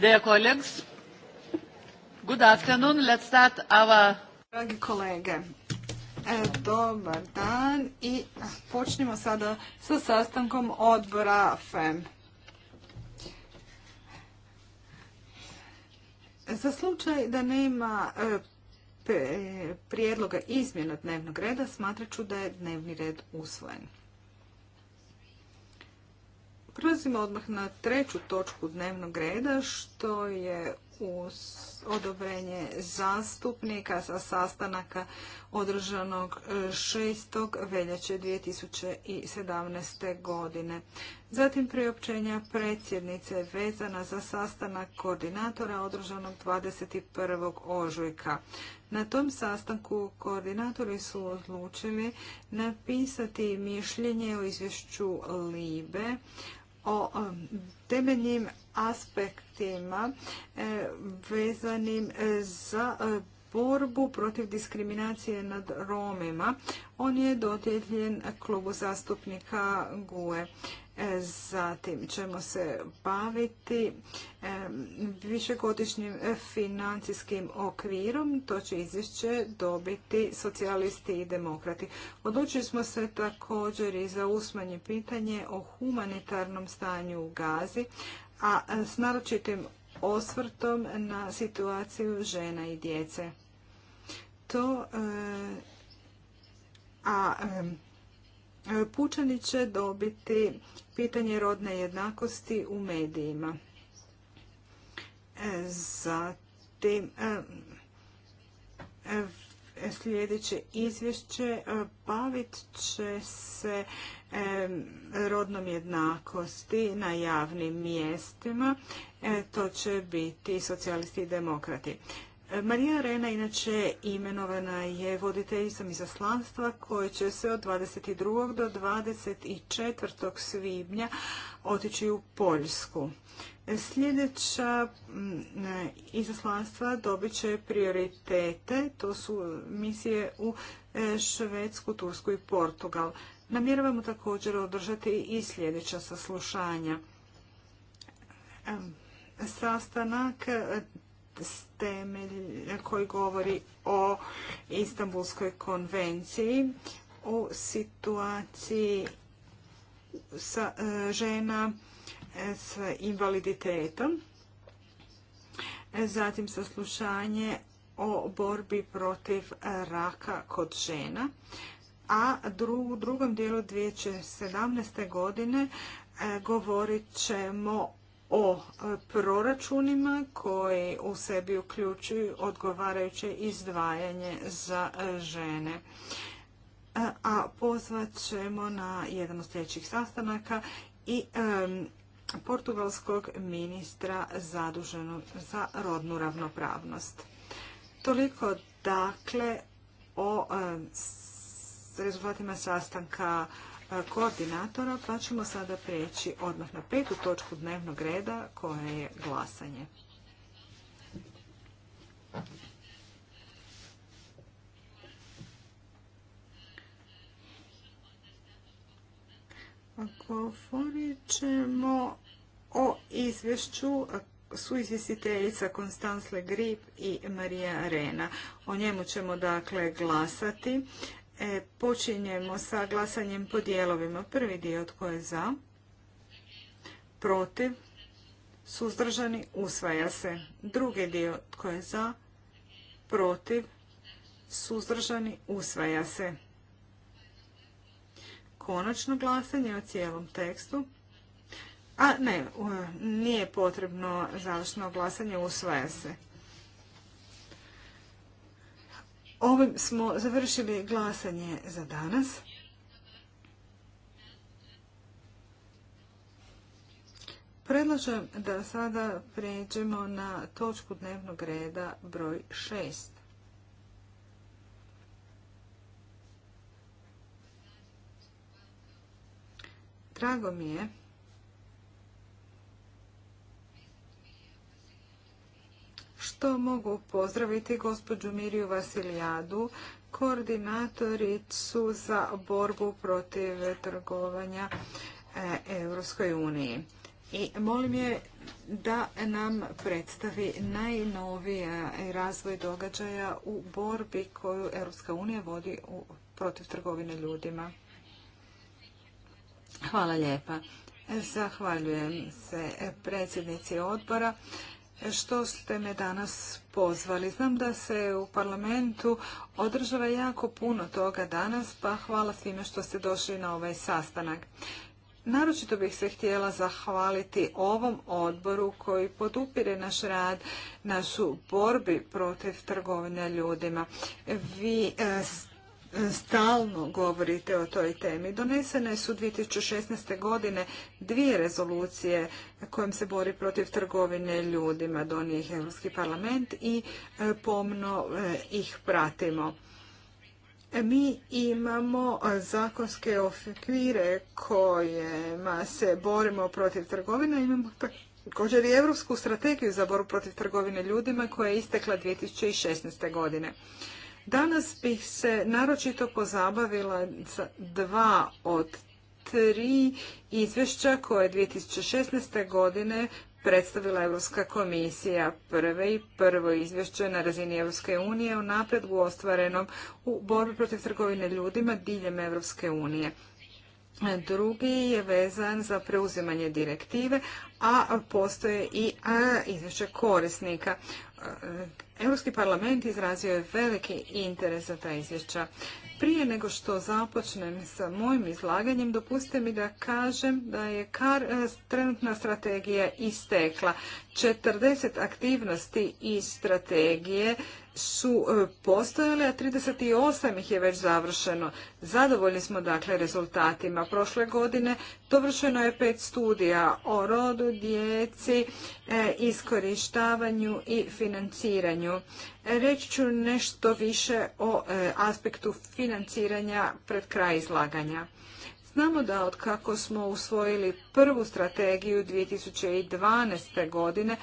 Dear colleagues, good afternoon. Let's Dragi kolege, e, dobar dan i počnimo sada sa sastankom odbora FEM. Za slučaj da nema e, prijedloga izmjena dnevnog reda, smatraću da je dnevni red usvojen. Prelazimo odmah na treću točku dnevnog reda, što je uz odobrenje zastupnika sa sastanaka održanog 6. veljače 2017. godine. Zatim priopćenja predsjednice vezana za sastanak koordinatora održanog 21. ožujka. Na tom sastanku koordinatori su odlučili napisati mišljenje o izvješću LIBE o um, temeljnim aspektima e, vezanim e, za e, borbu protiv diskriminacije nad Romima. On je dodijeljen klubu zastupnika GUE. E, zatim ćemo se baviti e, višegodišnjim financijskim okvirom. To će izvješće dobiti socijalisti i demokrati. Odlučili smo se također i za usmanje pitanje o humanitarnom stanju u Gazi, a s naročitim osvrtom na situaciju žena i djece. To, e, a Pučani će dobiti pitanje rodne jednakosti u medijima. E, zatim, e, e, sljedeće izvješće bavit će se rodnom jednakosti na javnim mjestima. To će biti socijalisti i demokrati. Marija Rena inače imenovana je voditeljicom izaslanstva koje će se od 22. do 24. svibnja otići u Poljsku. Sljedeća mm, izaslanstva dobit će prioritete, to su misije u e, Švedsku, Tursku i Portugal. Namjeravamo također održati i sljedeća saslušanja. Sastanak koji govori o Istanbulskoj konvenciji o situaciji sa e, žena e, s invaliditetom. E, zatim saslušanje o borbi protiv raka kod žena. A u drugom dijelu 2017. godine govorit ćemo o e, proračunima koji u sebi uključuju odgovarajuće izdvajanje za e, žene. E, a pozvat ćemo na jedan od sljedećih sastanaka i portugalskog ministra zaduženog za rodnu ravnopravnost. Toliko dakle o rezultatima sastanka E, koordinatora, pa ćemo sada preći odmah na petu točku dnevnog reda koja je glasanje. Govorit ćemo o izvješću su izvjestiteljica Le Grip i Marija Arena. O njemu ćemo dakle glasati. E, počinjemo sa glasanjem po dijelovima. Prvi dio tko je za, protiv, suzdržani, usvaja se. Drugi dio tko je za, protiv, suzdržani, usvaja se. Konačno glasanje o cijelom tekstu. A ne, nije potrebno završno glasanje, usvaja se. Ovim smo završili glasanje za danas. Predlažem da sada pređemo na točku dnevnog reda broj šest. Drago mi je što mogu pozdraviti gospođu Miriju Vasilijadu, koordinatoricu za borbu protiv trgovanja Europskoj uniji. I molim je da nam predstavi najnoviji e, razvoj događaja u borbi koju Europska unija vodi protiv trgovine ljudima. Hvala lijepa. Zahvaljujem se predsjednici odbora što ste me danas pozvali. Znam da se u parlamentu održava jako puno toga danas, pa hvala svima što ste došli na ovaj sastanak. Naročito bih se htjela zahvaliti ovom odboru koji podupire naš rad, našu borbi protiv trgovine ljudima. Vi eh, stalno govorite o toj temi. Donesene su 2016. godine dvije rezolucije kojim se bori protiv trgovine ljudima. Donije ih Europski parlament i e, pomno e, ih pratimo. Mi imamo e, zakonske okvire kojima se borimo protiv trgovine. Imamo također i Europsku strategiju za boru protiv trgovine ljudima koja je istekla 2016. godine. Danas bih se naročito pozabavila sa dva od tri izvješća koje je 2016. godine predstavila Europska komisija prve i prvo izvješće na razini Europske unije o napredgu ostvarenom u borbi protiv trgovine ljudima diljem Europske unije. Drugi je vezan za preuzimanje direktive, a postoje i izvješće korisnika. E, Europski parlament izrazio je veliki interes za ta izvješća. Prije nego što započnem sa mojim izlaganjem, dopustite mi da kažem da je kar e, trenutna strategija istekla. 40 aktivnosti iz strategije su e, postojale, a 38 ih je već završeno. Zadovoljni smo dakle rezultatima. Prošle godine dovršeno je pet studija o rodu, djeci, e, iskorištavanju i financiranju. Reći ću nešto više o e, aspektu financiranja pred kraj izlaganja. Znamo da od kako smo usvojili prvu strategiju 2012. godine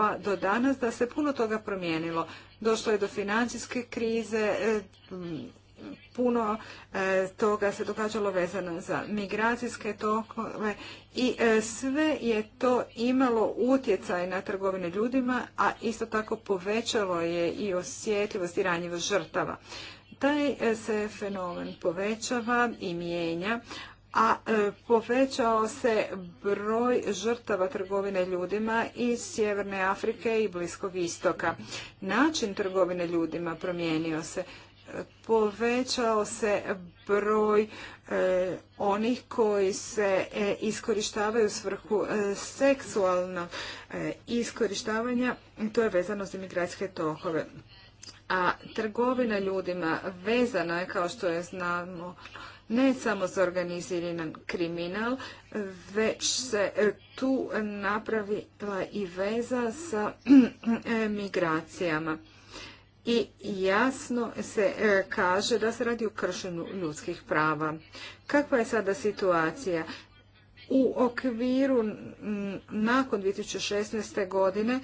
pa do danas da se puno toga promijenilo. Došlo je do financijske krize, e, puno e, toga se događalo vezano za migracijske tokove i e, sve je to imalo utjecaj na trgovine ljudima, a isto tako povećalo je i osjetljivost i ranjivost žrtava. Taj se fenomen povećava i mijenja, a e, povećao se broj žrtava trgovine ljudima iz Sjeverne Afrike i Bliskog istoka. Način trgovine ljudima promijenio se. Povećao se broj e, onih koji se e, iskorištavaju u svrhu seksualnog iskorištavanja. To je vezano za migracijske tokove. A trgovina ljudima vezana je, kao što je znamo, ne samo za kriminal, već se e, tu napravila i veza sa migracijama. I jasno se e, kaže da se radi o kršenju ljudskih prava. Kakva je sada situacija? u okviru mm, nakon 2016. godine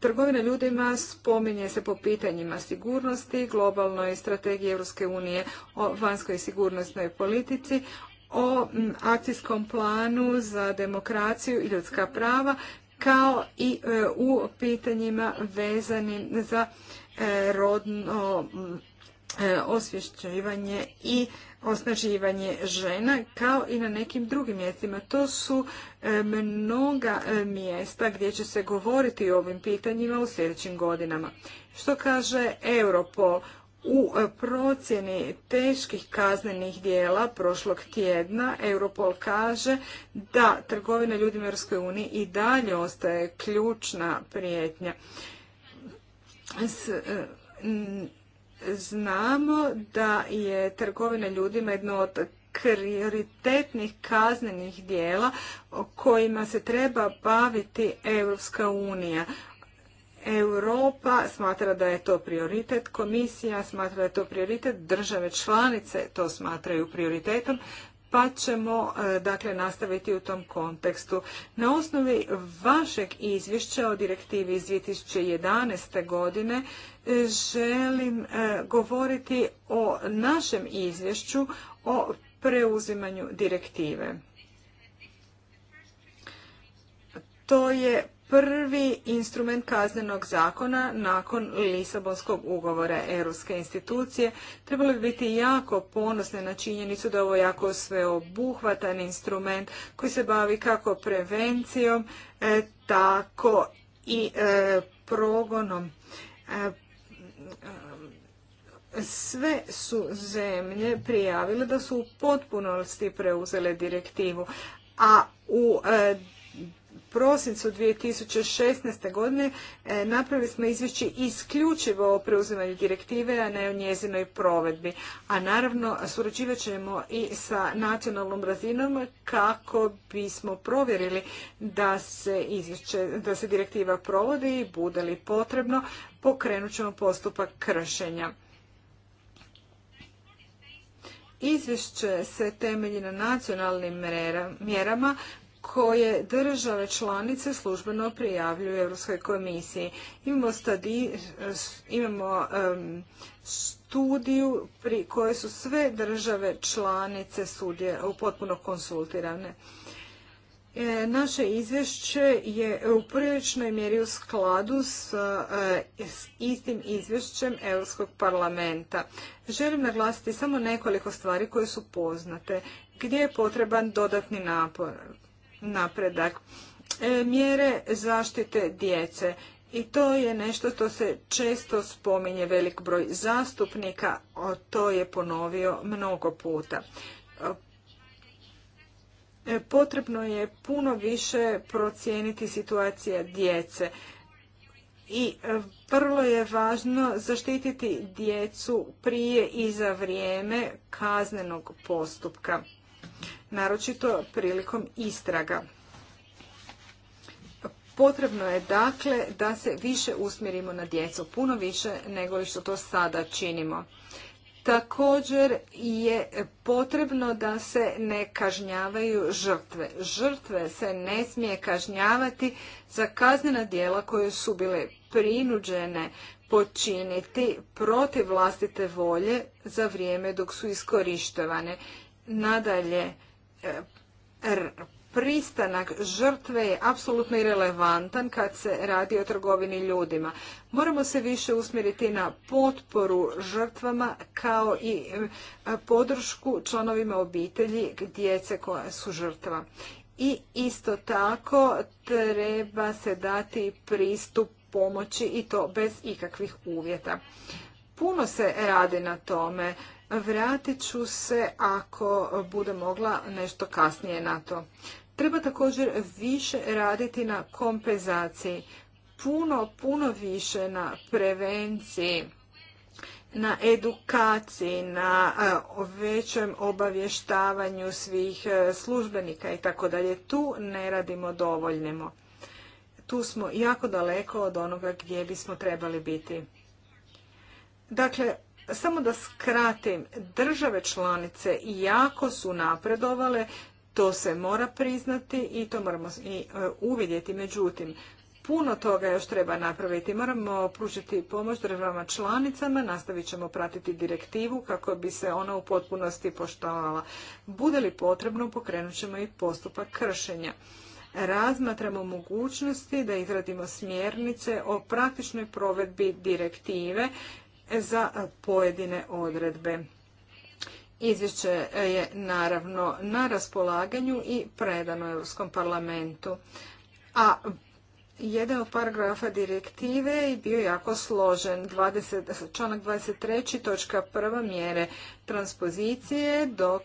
trgovina ljudima spominje se po pitanjima sigurnosti, globalnoj strategiji Europske unije o vanjskoj sigurnosnoj politici, o mm, akcijskom planu za demokraciju i ljudska prava, kao i e, u pitanjima vezanim za e, rodno mm, e, osvješćivanje i osnaživanje žena kao i na nekim drugim mjestima. To su e, mnoga e, mjesta gdje će se govoriti o ovim pitanjima u sljedećim godinama. Što kaže Europol? U e, procjeni teških kaznenih dijela prošlog tjedna Europol kaže da trgovina ljudima u EU i dalje ostaje ključna prijetnja. Znamo da je trgovina ljudima jedno od prioritetnih kaznenih dijela kojima se treba baviti Europska unija. Europa smatra da je to prioritet, komisija smatra da je to prioritet, države članice to smatraju prioritetom, pa ćemo e, dakle nastaviti u tom kontekstu. Na osnovi vašeg izvješća o direktivi iz 2011. godine želim e, govoriti o našem izvješću o preuzimanju direktive. To je prvi instrument kaznenog zakona nakon Lisabonskog ugovora Europske institucije. Trebalo bi biti jako ponosne na činjenicu da je ovo jako sveobuhvatan instrument koji se bavi kako prevencijom, e, tako i e, progonom sve su zemlje prijavile da su u potpunosti preuzele direktivu, a u e, prosincu 2016. godine e, napravili smo izvješće isključivo o preuzimanju direktive, a ne o njezinoj provedbi. A naravno surađivat ćemo i sa nacionalnom razinom kako bismo provjerili da se, izvješće, da se direktiva provodi i bude li potrebno pokrenut ćemo postupak kršenja. Izvješće se temelji na nacionalnim mjerama koje države članice službeno prijavljuju Europskoj komisiji. Imamo, stadi, imamo studiju pri kojoj su sve države članice sudje potpuno konsultirane. E, naše izvješće je u priličnoj mjeri u skladu s, e, s istim izvješćem Europskog parlamenta. Želim naglasiti samo nekoliko stvari koje su poznate, gdje je potreban dodatni napor napredak. E, mjere zaštite djece. I to je nešto što se često spominje velik broj zastupnika, to je ponovio mnogo puta. E, potrebno je puno više procijeniti situacija djece i e, vrlo je važno zaštititi djecu prije i za vrijeme kaznenog postupka naročito prilikom istraga. Potrebno je dakle da se više usmjerimo na djecu, puno više nego što to sada činimo. Također je potrebno da se ne kažnjavaju žrtve. Žrtve se ne smije kažnjavati za kaznena djela koje su bile prinuđene počiniti protiv vlastite volje za vrijeme dok su iskorištovane. Nadalje, pristanak žrtve je apsolutno irelevantan kad se radi o trgovini ljudima. Moramo se više usmjeriti na potporu žrtvama kao i e, podršku članovima obitelji djece koja su žrtva. I isto tako treba se dati pristup pomoći i to bez ikakvih uvjeta. Puno se radi na tome. Vratit ću se ako bude mogla nešto kasnije na to. Treba također više raditi na kompenzaciji, puno, puno više na prevenciji, na edukaciji, na e, većem obavještavanju svih e, službenika i tako dalje. Tu ne radimo dovoljno. Tu smo jako daleko od onoga gdje bismo trebali biti. Dakle, samo da skratim, države članice jako su napredovale, to se mora priznati i to moramo i e, uvidjeti. Međutim, puno toga još treba napraviti. Moramo pružiti pomoć državama članicama, nastavit ćemo pratiti direktivu kako bi se ona u potpunosti poštovala. Bude li potrebno, pokrenut ćemo i postupak kršenja. Razmatramo mogućnosti da izradimo smjernice o praktičnoj provedbi direktive za pojedine odredbe. Izvješće je naravno na raspolaganju i predano Europskom parlamentu. A jedan od paragrafa direktive je bio jako složen. 20, članak 23. točka prva mjere transpozicije, dok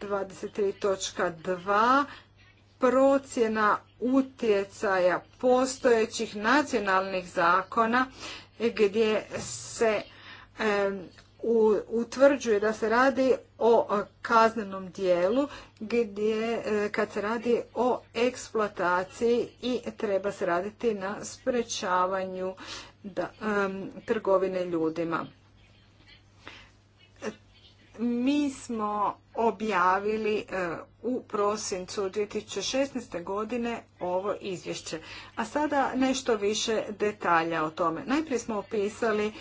23.2 e, procjena utjecaja postojećih nacionalnih zakona gdje se utvrđuje da se radi o kaznenom dijelu gdje e, kad se radi o eksploataciji i treba se raditi na sprečavanju trgovine ljudima. Mi smo objavili e, u prosincu 2016. godine ovo izvješće. A sada nešto više detalja o tome. Najprije smo opisali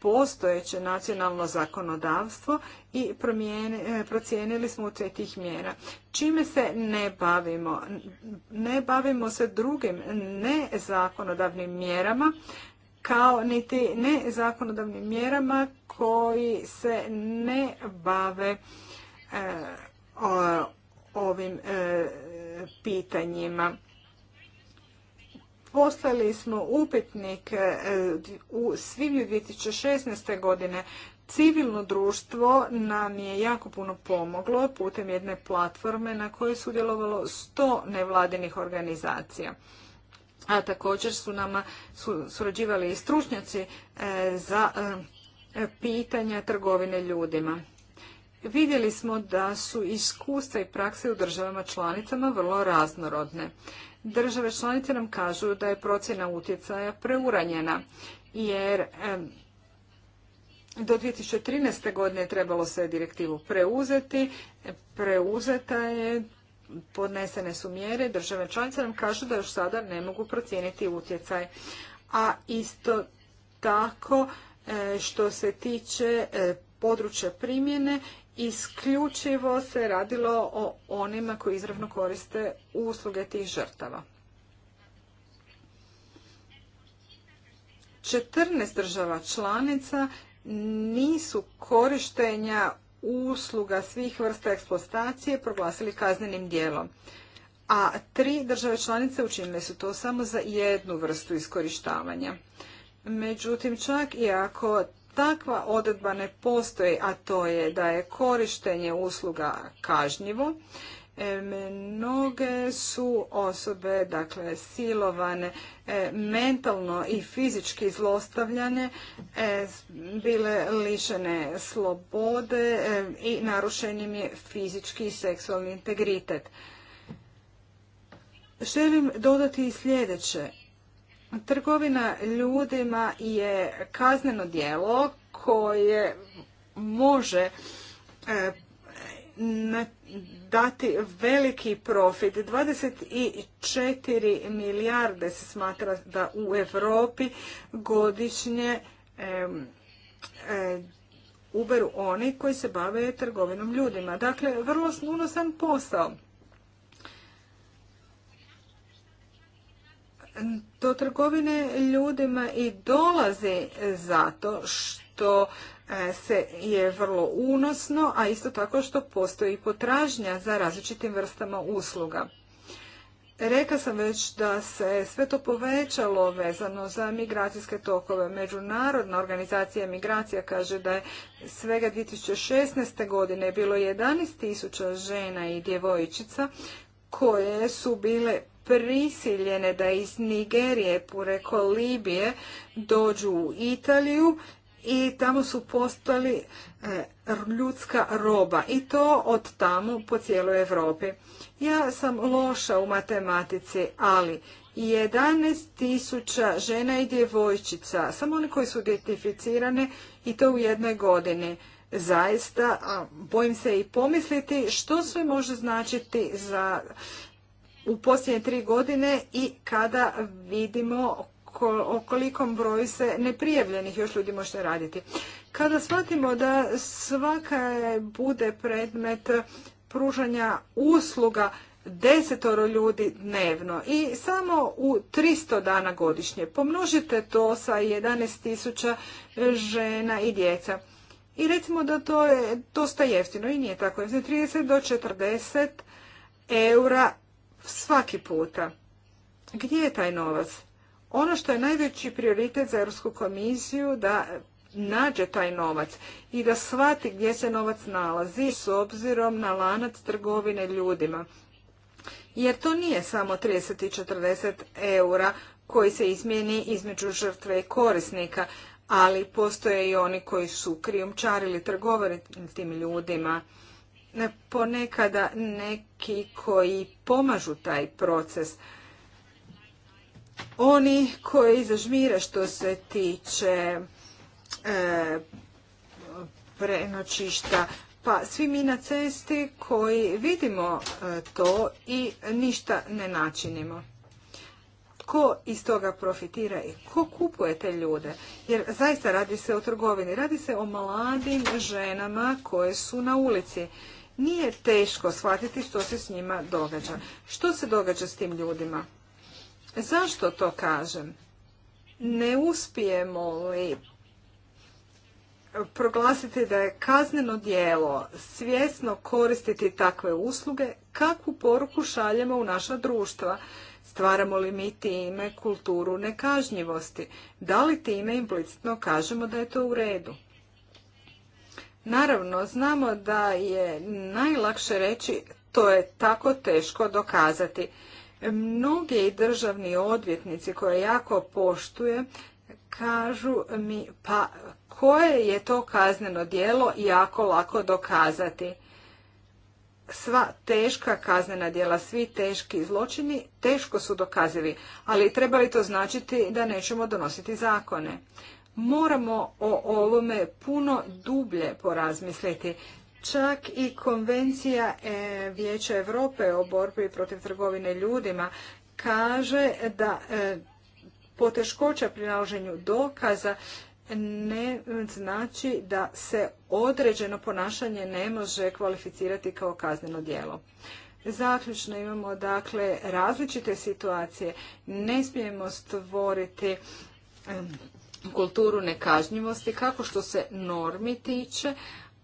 postojeće nacionalno zakonodavstvo i e, procijenili smo u tih mjera. Čime se ne bavimo? Ne bavimo se drugim nezakonodavnim mjerama kao niti nezakonodavnim mjerama koji se ne bave o ovim e, pitanjima. Poslali smo upitnik e, u svibnju 2016. godine. Civilno društvo nam je jako puno pomoglo putem jedne platforme na kojoj su sudjelovalo 100 nevladinih organizacija. A također su nama surađivali i stručnjaci e, za pitanja trgovine ljudima vidjeli smo da su iskustva i prakse u državama članicama vrlo raznorodne. Države članice nam kažu da je procjena utjecaja preuranjena, jer do 2013. godine trebalo se direktivu preuzeti, preuzeta je, podnesene su mjere, države članice nam kažu da još sada ne mogu procijeniti utjecaj. A isto tako e, što se tiče e, područja primjene isključivo se radilo o onima koji izravno koriste usluge tih žrtava. 14 država članica nisu korištenja usluga svih vrsta eksploatacije proglasili kaznenim dijelom. A tri države članice učinile su to samo za jednu vrstu iskorištavanja. Međutim, čak i ako takva odredba ne postoji, a to je da je korištenje usluga kažnjivo, e, mnoge su osobe dakle silovane e, mentalno i fizički zlostavljane e, bile lišene slobode i narušenim je fizički i seksualni integritet želim dodati i sljedeće Trgovina ljudima je kazneno djelo koje može e, dati veliki profit. 24 milijarde se smatra da u Europi godišnje e, e, uberu oni koji se bave trgovinom ljudima. Dakle, vrlo unosan posao. do trgovine ljudima i dolazi zato što e, se je vrlo unosno, a isto tako što postoji potražnja za različitim vrstama usluga. Reka sam već da se sve to povećalo vezano za migracijske tokove. Međunarodna organizacija migracija kaže da je svega 2016. godine bilo 11.000 žena i djevojčica koje su bile prisiljene da iz Nigerije preko Libije dođu u Italiju i tamo su postali e, ljudska roba i to od tamo po cijeloj Europi. Ja sam loša u matematici, ali 11 tisuća žena i djevojčica, samo oni koji su identificirane i to u jednoj godini. Zaista, bojim se i pomisliti što sve može značiti za u posljednje tri godine i kada vidimo o kolikom broju se neprijavljenih još ljudi može raditi. Kada shvatimo da svaka bude predmet pružanja usluga desetoro ljudi dnevno i samo u 300 dana godišnje. Pomnožite to sa 11.000 žena i djeca. I recimo da to je dosta jeftino i nije tako. 30 znači, do 40 eura svaki puta. Gdje je taj novac? Ono što je najveći prioritet za Europsku komisiju da nađe taj novac i da shvati gdje se novac nalazi s obzirom na lanac trgovine ljudima. Jer to nije samo 30 i 40 eura koji se izmijeni između žrtve i korisnika, ali postoje i oni koji su krijumčarili trgovali tim ljudima ponekada neki koji pomažu taj proces. Oni koji zažmire što se tiče e, prenoćišta, pa svi mi na cesti koji vidimo e, to i ništa ne načinimo. Ko iz toga profitira i ko kupuje te ljude? Jer zaista radi se o trgovini, radi se o mladim ženama koje su na ulici nije teško shvatiti što se s njima događa. Što se događa s tim ljudima? Zašto to kažem? Ne uspijemo li proglasiti da je kazneno djelo svjesno koristiti takve usluge, kakvu poruku šaljemo u naša društva? Stvaramo li mi time kulturu nekažnjivosti? Da li time implicitno kažemo da je to u redu? Naravno, znamo da je najlakše reći to je tako teško dokazati. Mnogi državni odvjetnici koje jako poštuje kažu mi pa koje je to kazneno djelo jako lako dokazati. Sva teška kaznena djela, svi teški zločini teško su dokazivi, ali treba li to značiti da nećemo donositi zakone? moramo o ovome puno dublje porazmisliti. Čak i konvencija e, Vijeća Europe o borbi protiv trgovine ljudima kaže da e, poteškoća pri naloženju dokaza ne znači da se određeno ponašanje ne može kvalificirati kao kazneno djelo. Zaključno imamo dakle različite situacije. Ne smijemo stvoriti kulturu nekažnjivosti kako što se normi tiče,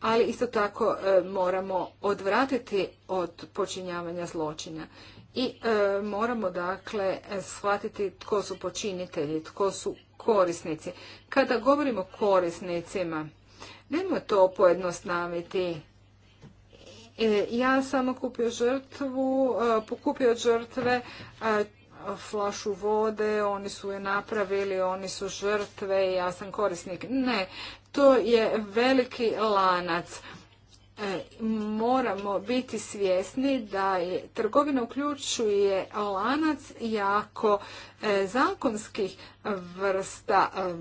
ali isto tako e, moramo odvratiti od počinjavanja zločina. I e, moramo dakle shvatiti tko su počinitelji, tko su korisnici. Kada govorimo o korisnicima, nemo to pojednostaviti. E, ja sam kupio žrtvu, pokupio žrtve flašu vode, oni su je napravili, oni su žrtve i ja sam korisnik. Ne, to je veliki lanac. E, moramo biti svjesni da je trgovina uključuje lanac jako e, zakonskih vrsta e,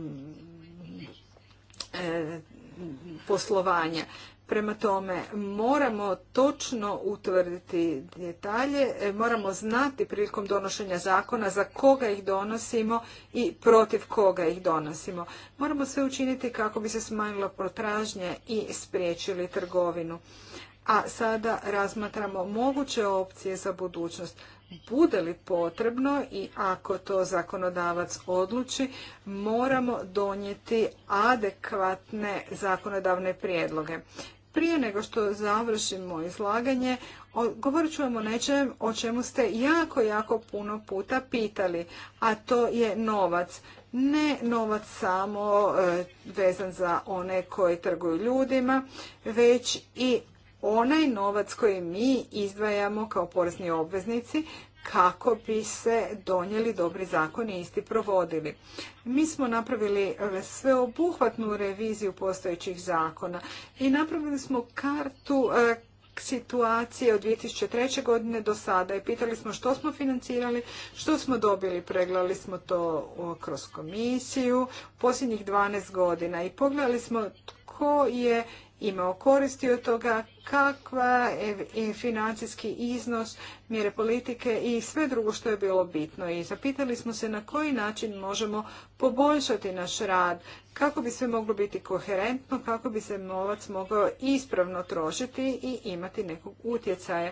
poslovanja. Prema tome, moramo točno utvrditi detalje, e, moramo znati prilikom donošenja zakona za koga ih donosimo i protiv koga ih donosimo. Moramo sve učiniti kako bi se smanjila potražnja i spriječili trgovinu. A sada razmatramo moguće opcije za budućnost. Bude li potrebno i ako to zakonodavac odluči, moramo donijeti adekvatne zakonodavne prijedloge. Prije nego što završimo izlaganje, govorit ću vam o nečem o čemu ste jako, jako puno puta pitali, a to je novac. Ne novac samo e, vezan za one koji trguju ljudima, već i onaj novac koji mi izdvajamo kao porezni obveznici kako bi se donijeli dobri zakoni i isti provodili. Mi smo napravili e, sveobuhvatnu reviziju postojećih zakona i napravili smo kartu e, situacije od 2003. godine do sada i pitali smo što smo financirali, što smo dobili. Pregledali smo to kroz komisiju posljednjih 12 godina i pogledali smo tko je imao koristi od toga, kakva je financijski iznos, mjere politike i sve drugo što je bilo bitno. I zapitali smo se na koji način možemo poboljšati naš rad, kako bi sve moglo biti koherentno, kako bi se novac mogao ispravno trošiti i imati nekog utjecaja.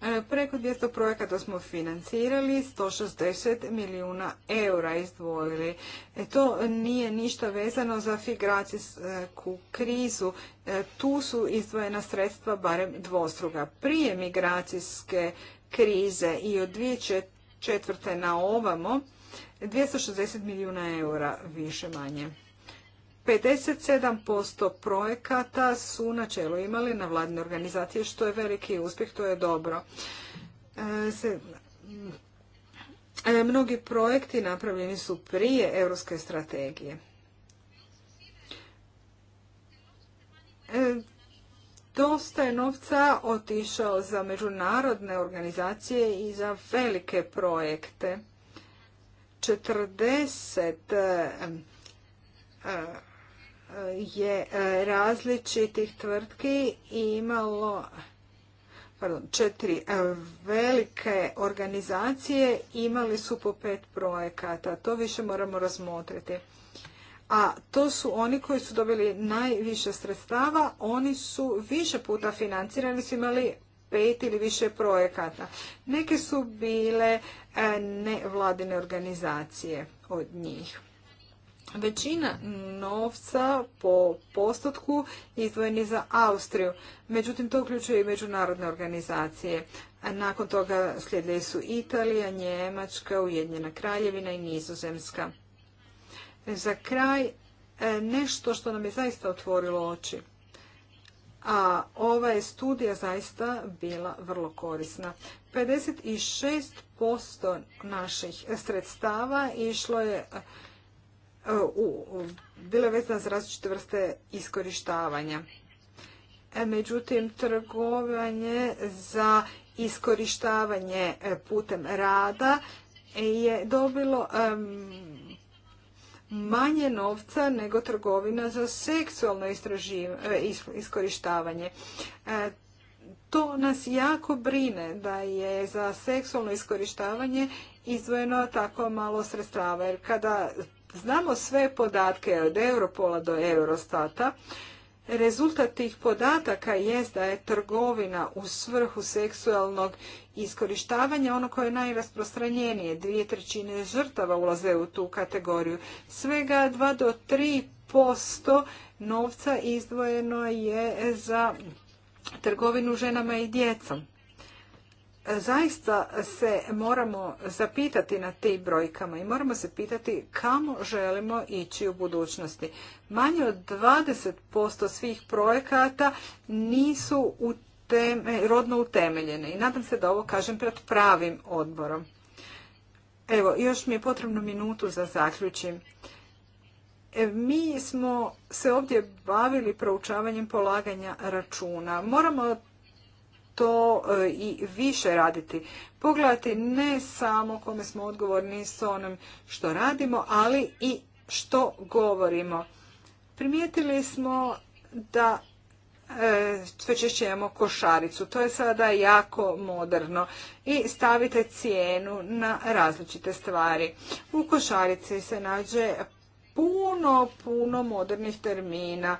E, preko 200 projekata smo financirali, 160 milijuna eura izdvojili. E, to nije ništa vezano za migracijsku krizu. E, tu su izdvojena sredstva barem dvostruga. Prije migracijske krize i od 2004. na ovamo 260 milijuna eura više manje. 57% projekata su na čelu imali na vladne organizacije, što je veliki uspjeh, to je dobro. E, e, mnogi projekti napravljeni su prije europske strategije. E, dosta je novca otišao za međunarodne organizacije i za velike projekte. 40 je e, različitih tvrtki imalo pardon, četiri e, velike organizacije imali su po pet projekata. To više moramo razmotriti. A to su oni koji su dobili najviše sredstava, oni su više puta financirani, su imali pet ili više projekata. Neke su bile e, nevladine organizacije od njih. Većina novca po postotku izdvojeni za Austriju, međutim to uključuje i međunarodne organizacije. nakon toga slijedili su Italija, Njemačka, Ujedinjena Kraljevina i Nizozemska. Za kraj e, nešto što nam je zaista otvorilo oči. A ova je studija zaista bila vrlo korisna. 56% naših sredstava išlo je E, bila vezana za različite vrste iskorištavanja. E, međutim, trgovanje za iskorištavanje e, putem rada je dobilo manje novca nego trgovina za seksualno iskorištavanje. To nas jako brine da je za seksualno iskorištavanje izvojeno tako malo sredstava. Jer kada znamo sve podatke od Europola do Eurostata, Rezultat tih podataka jest da je trgovina u svrhu seksualnog iskorištavanja ono koje je najrasprostranjenije. Dvije trećine žrtava ulaze u tu kategoriju. Svega 2 do 3 posto novca izdvojeno je za trgovinu ženama i djecom zaista se moramo zapitati na tim brojkama i moramo se pitati kamo želimo ići u budućnosti. Manje od 20% svih projekata nisu u teme, rodno utemeljene i nadam se da ovo kažem pred pravim odborom. Evo, još mi je potrebno minutu za zaključim. E, mi smo se ovdje bavili proučavanjem polaganja računa. Moramo to e, i više raditi. Pogledati ne samo kome smo odgovorni s onim što radimo, ali i što govorimo. Primijetili smo da e, sve češće imamo košaricu. To je sada jako moderno i stavite cijenu na različite stvari. U košarici se nađe puno, puno modernih termina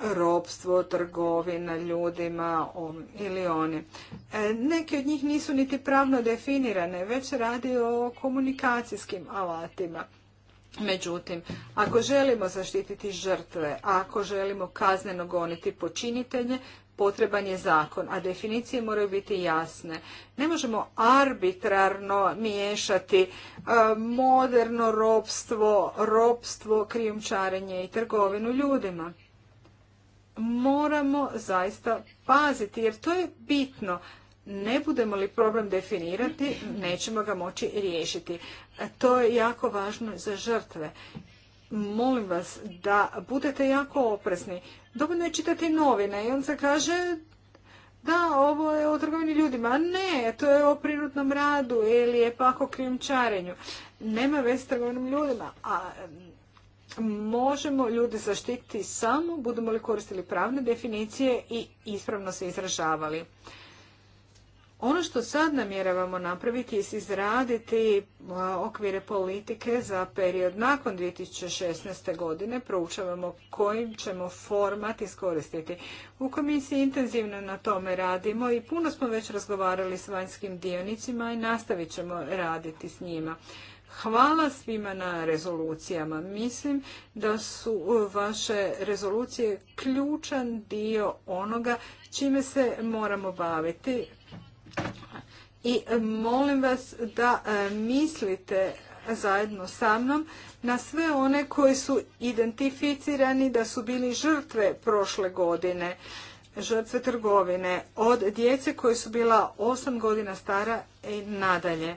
ropstvo, trgovina ljudima ili oni. E, neki od njih nisu niti pravno definirane, već radi o komunikacijskim alatima. Međutim, ako želimo zaštititi žrtve, ako želimo kazneno goniti počinitelje, potreban je zakon, a definicije moraju biti jasne. Ne možemo arbitrarno miješati e, moderno ropstvo, ropstvo, krijumčarenje i trgovinu ljudima moramo zaista paziti jer to je bitno. Ne budemo li problem definirati, nećemo ga moći riješiti. E, to je jako važno za žrtve. Molim vas da budete jako oprezni. Dovoljno je čitati novine i on se kaže da, ovo je o trgovini ljudima. Ne, to je o prirodnom radu ili je pak o krijumčarenju. Nema veze s trgovinom ljudima. A možemo ljude zaštititi samo budemo li koristili pravne definicije i ispravno se izražavali. Ono što sad namjeravamo napraviti je izraditi okvire politike za period nakon 2016. godine. Proučavamo kojim ćemo format iskoristiti. U komisiji intenzivno na tome radimo i puno smo već razgovarali s vanjskim dionicima i nastavit ćemo raditi s njima. Hvala svima na rezolucijama. Mislim da su vaše rezolucije ključan dio onoga čime se moramo baviti. I molim vas da e, mislite zajedno sa mnom na sve one koji su identificirani da su bili žrtve prošle godine, žrtve trgovine, od djece koje su bila 8 godina stara i nadalje.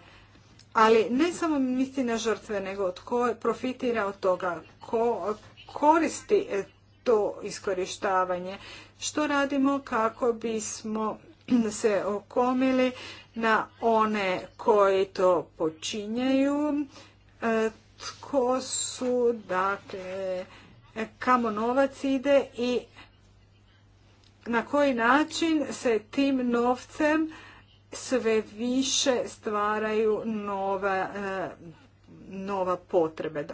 Ali ne samo misli na žrtve, nego tko profitira od toga, ko koristi e, to iskorištavanje, što radimo kako bismo se okomili na one koji to počinjaju, e, tko su, dakle, e, kamo novac ide i na koji način se tim novcem sve više stvaraju nove, e, nova potrebe.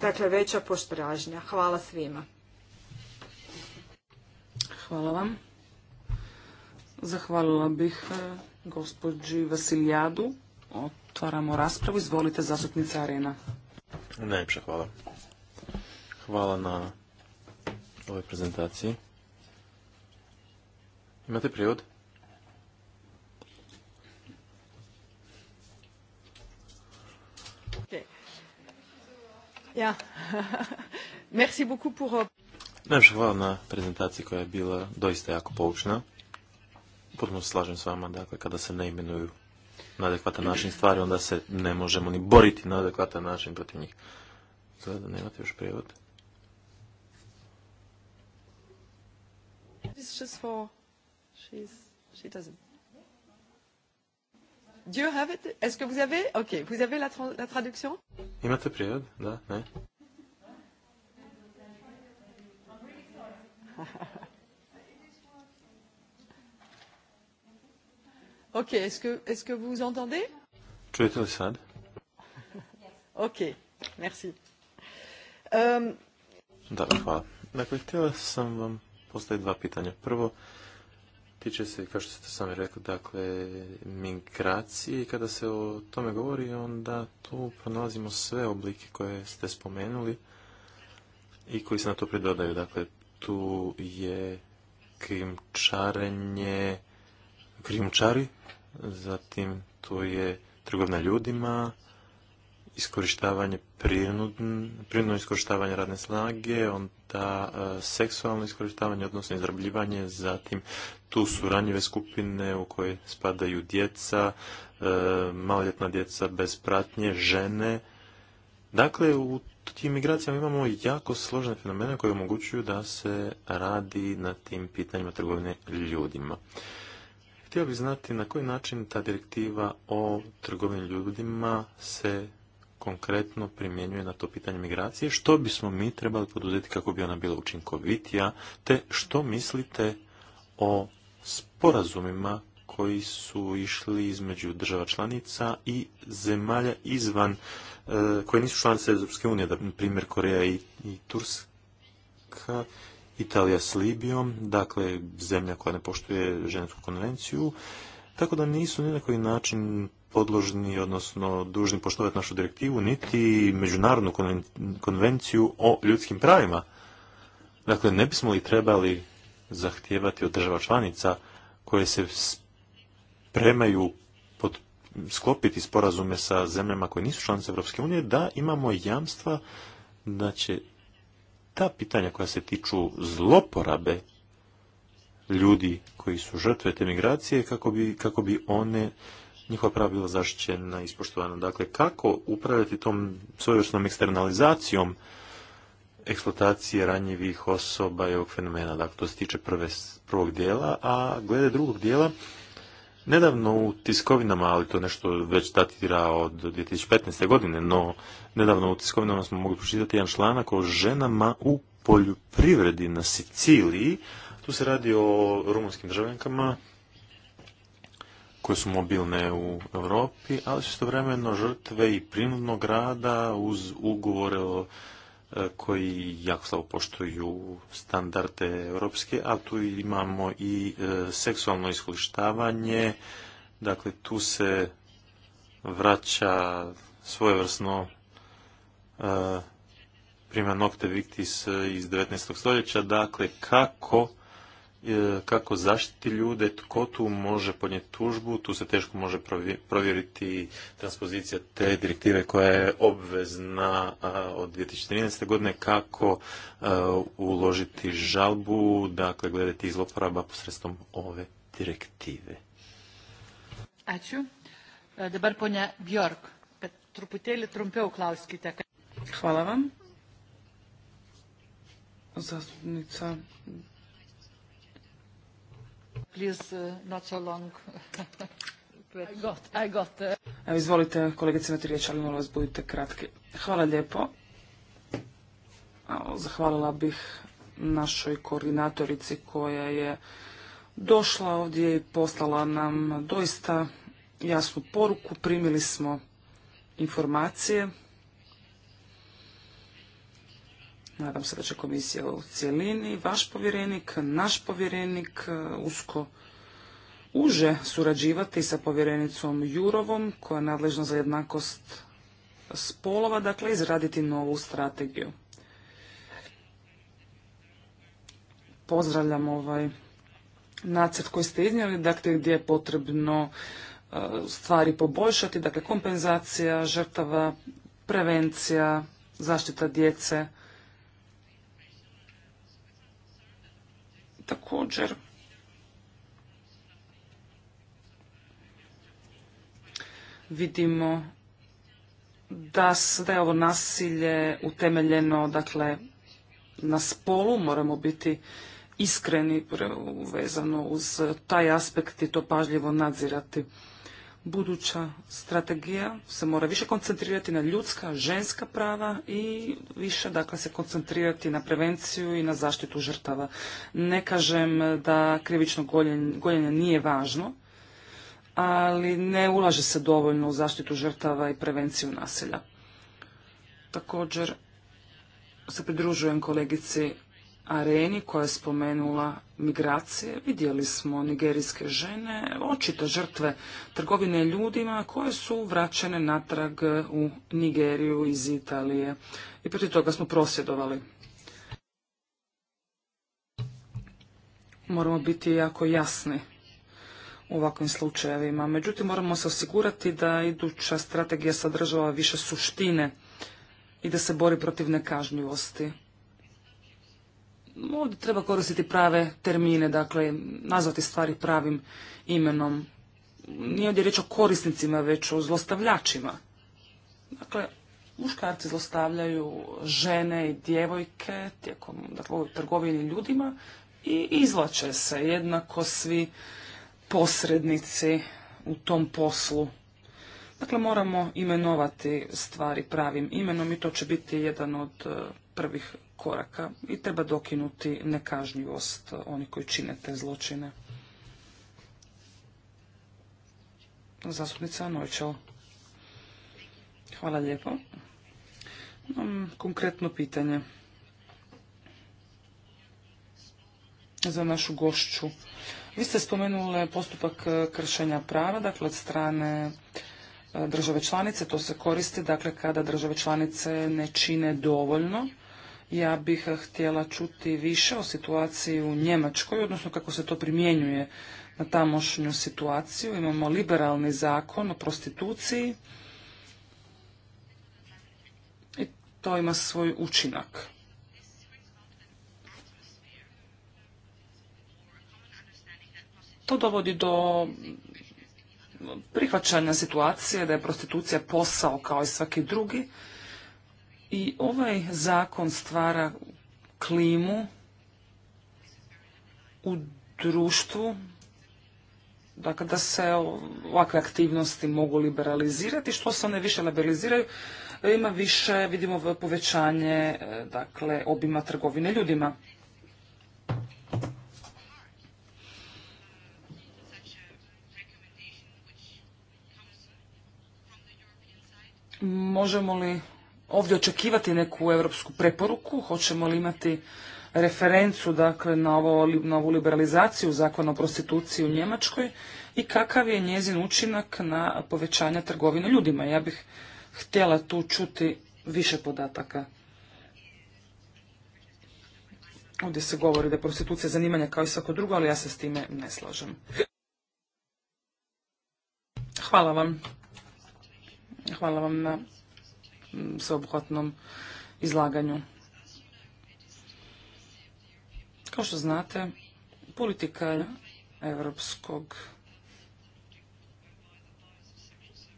Dakle, veća poštražnja. Hvala svima. Hvala vam. Zahvalila bih e, gospođi Vasilijadu. Otvaramo raspravu. Izvolite, zastupnica Arena. hvala. Hvala na ovoj prezentaciji. Imate prijevod? Ja. Merci beaucoup pour... Euh, Najviše hvala na prezentaciji koja je bila doista jako poučna. Potpuno se slažem s vama, dakle, kada se ne imenuju na adekvatan način stvari, onda se ne možemo ni boriti na adekvatan način protiv njih. Zgleda da nemate još prijevod. is just for... She doesn't. Do you have it? Est-ce que vous avez? Ok, vous avez la, tra la traduction? Imate prijevod? Da, ne. ok, est-ce que, est -ce que vous entendez? Čujete li sad? ok, merci. Um... Da, hvala. Dakle, htjela sam vam postaviti dva pitanja. Prvo, tiče se, kao što ste sami rekli, dakle, migracije i kada se o tome govori, onda tu pronalazimo sve oblike koje ste spomenuli i koji se na to pridodaju. Dakle, tu je krimčarenje, krimčari, zatim tu je trgovina ljudima, iskorištavanje prirodno iskorištavanje radne snage, onda e, seksualno iskorištavanje, odnosno izrabljivanje, zatim tu su ranjive skupine u koje spadaju djeca, e, maloljetna djeca bez pratnje, žene. Dakle, u tim migracijama imamo jako složene fenomene koje omogućuju da se radi na tim pitanjima trgovine ljudima. Htio bih znati na koji način ta direktiva o trgovini ljudima se konkretno primjenjuje na to pitanje migracije, što bismo mi trebali poduzeti kako bi ona bila učinkovitija, te što mislite o sporazumima koji su išli između država članica i zemalja izvan, e, koje nisu članice Europske unije, da primjer Koreja i, i Turska, Italija s Libijom, dakle zemlja koja ne poštuje žensku konvenciju, tako da nisu ni na koji način podložni, odnosno dužni poštovati našu direktivu, niti međunarodnu konvenciju o ljudskim pravima. Dakle, ne bismo li trebali zahtijevati od država članica koje se premaju pod, sklopiti sporazume sa zemljama koje nisu članice Europske unije, da imamo jamstva da će ta pitanja koja se tiču zloporabe ljudi koji su žrtve te migracije, kako bi, kako bi one njihova prava bila zaštićena i ispoštovana. Dakle, kako upravljati tom svojevrsnom eksternalizacijom eksploatacije ranjivih osoba i ovog fenomena. Dakle, to se tiče prve, prvog dijela, a glede drugog dijela, nedavno u tiskovinama, ali to nešto već datira od 2015. godine, no nedavno u tiskovinama smo mogli pročitati jedan članak o ženama u poljoprivredi na Siciliji. Tu se radi o rumunskim državljankama koje su mobilne u Europi, ali su istovremeno žrtve i prinudnog rada uz ugovore e, koji jako slabo poštuju standarde europske, a tu imamo i e, seksualno iskorištavanje, dakle tu se vraća svojevrsno e, prima nokte viktis iz 19. stoljeća, dakle kako E, kako zaštiti ljude, tko tu može podnijeti tužbu, tu se teško može provjeriti transpozicija te direktive koja je obvezna od 2013. godine, kako e, uložiti žalbu, dakle gledati izloporaba posredstvom ove direktive. E, dabar ponja Bjork, Hvala vam. Zastupnica Please, uh, not so long. I got, I got. Evo, izvolite, kolegice, imate ali molim vas, budite kratki. Hvala lijepo. Zahvalila bih našoj koordinatorici koja je došla ovdje i poslala nam doista jasnu poruku. Primili smo informacije Nadam se da će komisija u cjelini, vaš povjerenik, naš povjerenik e, usko uže surađivati sa povjerenicom Jurovom koja je nadležna za jednakost spolova, dakle izraditi novu strategiju. Pozdravljam ovaj nacrt koji ste iznijeli, dakle gdje je potrebno e, stvari poboljšati, dakle kompenzacija žrtava, prevencija, zaštita djece. također vidimo da, sve ovo nasilje utemeljeno dakle na spolu moramo biti iskreni vezano uz taj aspekt i to pažljivo nadzirati buduća strategija se mora više koncentrirati na ljudska, ženska prava i više dakle se koncentrirati na prevenciju i na zaštitu žrtava. Ne kažem da krivično goljenje, nije važno, ali ne ulaže se dovoljno u zaštitu žrtava i prevenciju nasilja. Također se pridružujem kolegici areni koja je spomenula migracije, vidjeli smo nigerijske žene, očito žrtve trgovine ljudima koje su vraćene natrag u Nigeriju iz Italije. I protiv toga smo prosvjedovali. Moramo biti jako jasni u ovakvim slučajevima. Međutim, moramo se osigurati da iduća strategija sadržava više suštine i da se bori protiv nekažnjivosti ovdje treba koristiti prave termine, dakle nazvati stvari pravim imenom. Nije ovdje riječ o korisnicima, već o zlostavljačima. Dakle, muškarci zlostavljaju žene i djevojke tijekom dakle, trgovini ljudima i izlače se jednako svi posrednici u tom poslu. Dakle, moramo imenovati stvari pravim imenom i to će biti jedan od eh, prvih koraka i treba dokinuti nekažnjivost oni koji čine te zločine. Zastupnica Nojčel. Hvala lijepo. Imam konkretno pitanje za našu gošću. Vi ste spomenuli postupak e, kršenja prava, dakle od strane e, države članice, to se koristi, dakle kada države članice ne čine dovoljno ja bih htjela čuti više o situaciji u Njemačkoj, odnosno kako se to primjenjuje na tamošnju situaciju. Imamo liberalni zakon o prostituciji i to ima svoj učinak. To dovodi do prihvaćanja situacije da je prostitucija posao kao i svaki drugi i ovaj zakon stvara klimu u društvu dakle da se ovakve aktivnosti mogu liberalizirati, što se one više liberaliziraju, ima više, vidimo, povećanje dakle, obima trgovine ljudima. Možemo li ovdje očekivati neku europsku preporuku? Hoćemo li imati referencu dakle, na, ovu liberalizaciju zakona o prostituciji u Njemačkoj i kakav je njezin učinak na povećanje trgovine ljudima? Ja bih htjela tu čuti više podataka. Ovdje se govori da je prostitucija zanimanja kao i svako drugo, ali ja se s time ne slažem. Hvala vam. Hvala vam na sveobuhvatnom izlaganju. Kao što znate, politika Europskog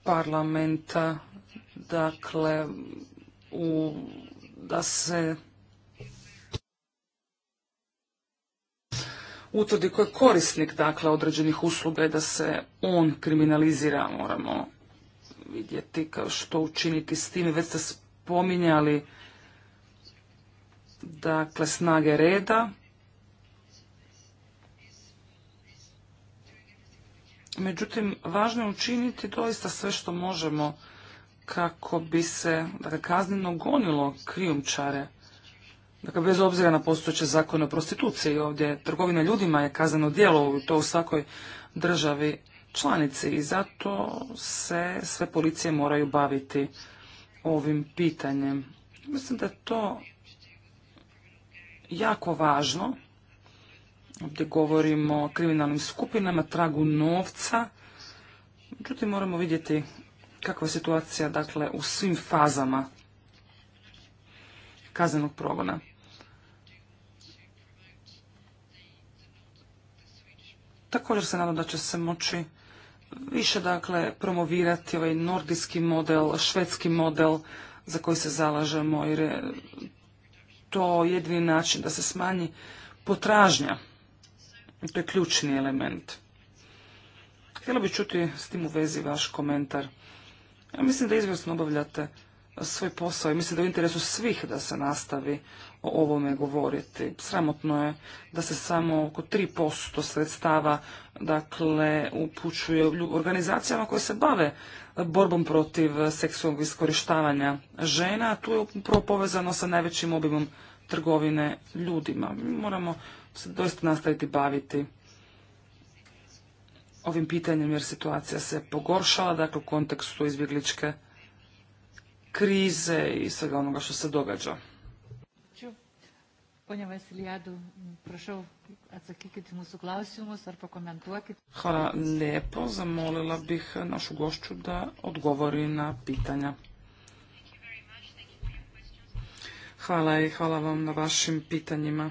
parlamenta, dakle, da se utvrdi koji je korisnik dakle, određenih usluga i da se on kriminalizira, moramo vidjeti što učiniti s tim, Već ste spominjali dakle snage reda. Međutim, važno je učiniti doista sve što možemo kako bi se dakle, kazneno gonilo krijumčare. Dakle, bez obzira na postojeće zakone o prostituciji ovdje, trgovina ljudima je kazneno djelo, to u svakoj državi članici i zato se sve policije moraju baviti ovim pitanjem. Mislim da je to jako važno. Ovdje govorimo o kriminalnim skupinama, tragu novca. Međutim, moramo vidjeti kakva je situacija dakle, u svim fazama kaznenog progona. Također se nadam da će se moći više dakle promovirati ovaj nordijski model, švedski model za koji se zalažemo jer je to jedini način da se smanji potražnja. To je ključni element. Htjela bih čuti s tim u vezi vaš komentar. Ja mislim da izvrsno obavljate svoj posao i mislim da je u interesu svih da se nastavi o ovome govoriti. Sramotno je da se samo oko 3% sredstava dakle, upućuje organizacijama koje se bave borbom protiv seksualnog iskorištavanja žena. Tu je upravo povezano sa najvećim obimom trgovine ljudima. Mi moramo se doista nastaviti baviti ovim pitanjem jer situacija se pogoršala, dakle u kontekstu izbjegličke krize i svega onoga što se događa. Hvala lijepo. Zamolila bih našu gošću da odgovori na pitanja. Hvala i hvala vam na vašim pitanjima.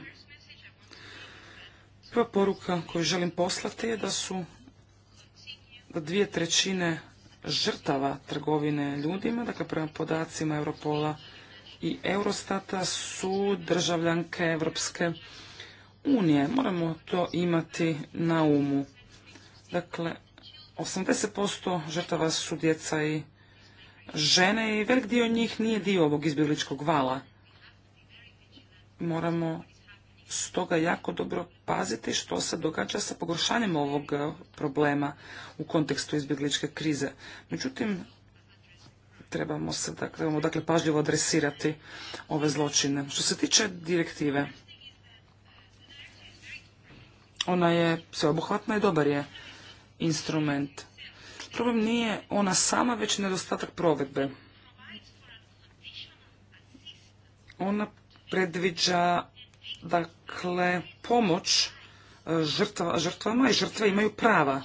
Prva poruka koju želim poslati je da su da dvije trećine žrtava trgovine ljudima, dakle prema podacima Europola i Eurostata su državljanke Evropske unije. Moramo to imati na umu. Dakle, 80% žrtava su djeca i žene i velik dio njih nije dio ovog izbjegličkog vala. Moramo stoga jako dobro paziti što se događa sa pogoršanjem ovog e, problema u kontekstu izbjegličke krize. Međutim, trebamo se trebamo dakle pažljivo adresirati ove zločine. Što se tiče direktive, ona je sveobuhvatna i dobar je instrument. Problem nije ona sama, već nedostatak provedbe. Ona predviđa Dakle, pomoć e, žrtvama i žrtve imaju prava.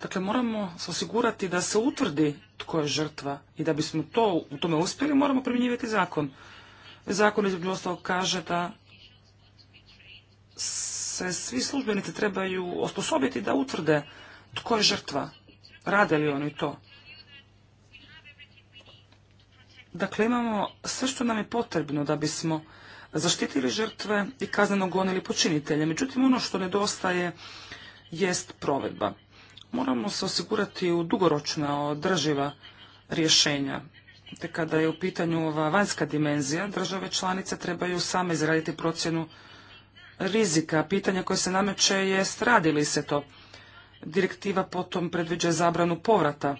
Dakle, moramo se osigurati da se utvrdi tko je žrtva i da bismo to u tome uspjeli, moramo primjenjivati zakon. Zakon između ostalog kaže da se svi službenici trebaju osposobiti da utvrde tko je žrtva. Rade li oni to? Dakle, imamo sve što nam je potrebno da bismo zaštitili žrtve i kazneno gonili počinitelje. Međutim, ono što nedostaje jest provedba. Moramo se osigurati u dugoročna održiva rješenja. Te kada je u pitanju ova vanjska dimenzija, države članice trebaju same izraditi procjenu rizika. Pitanje koje se nameće je radi li se to. Direktiva potom predviđa zabranu povrata.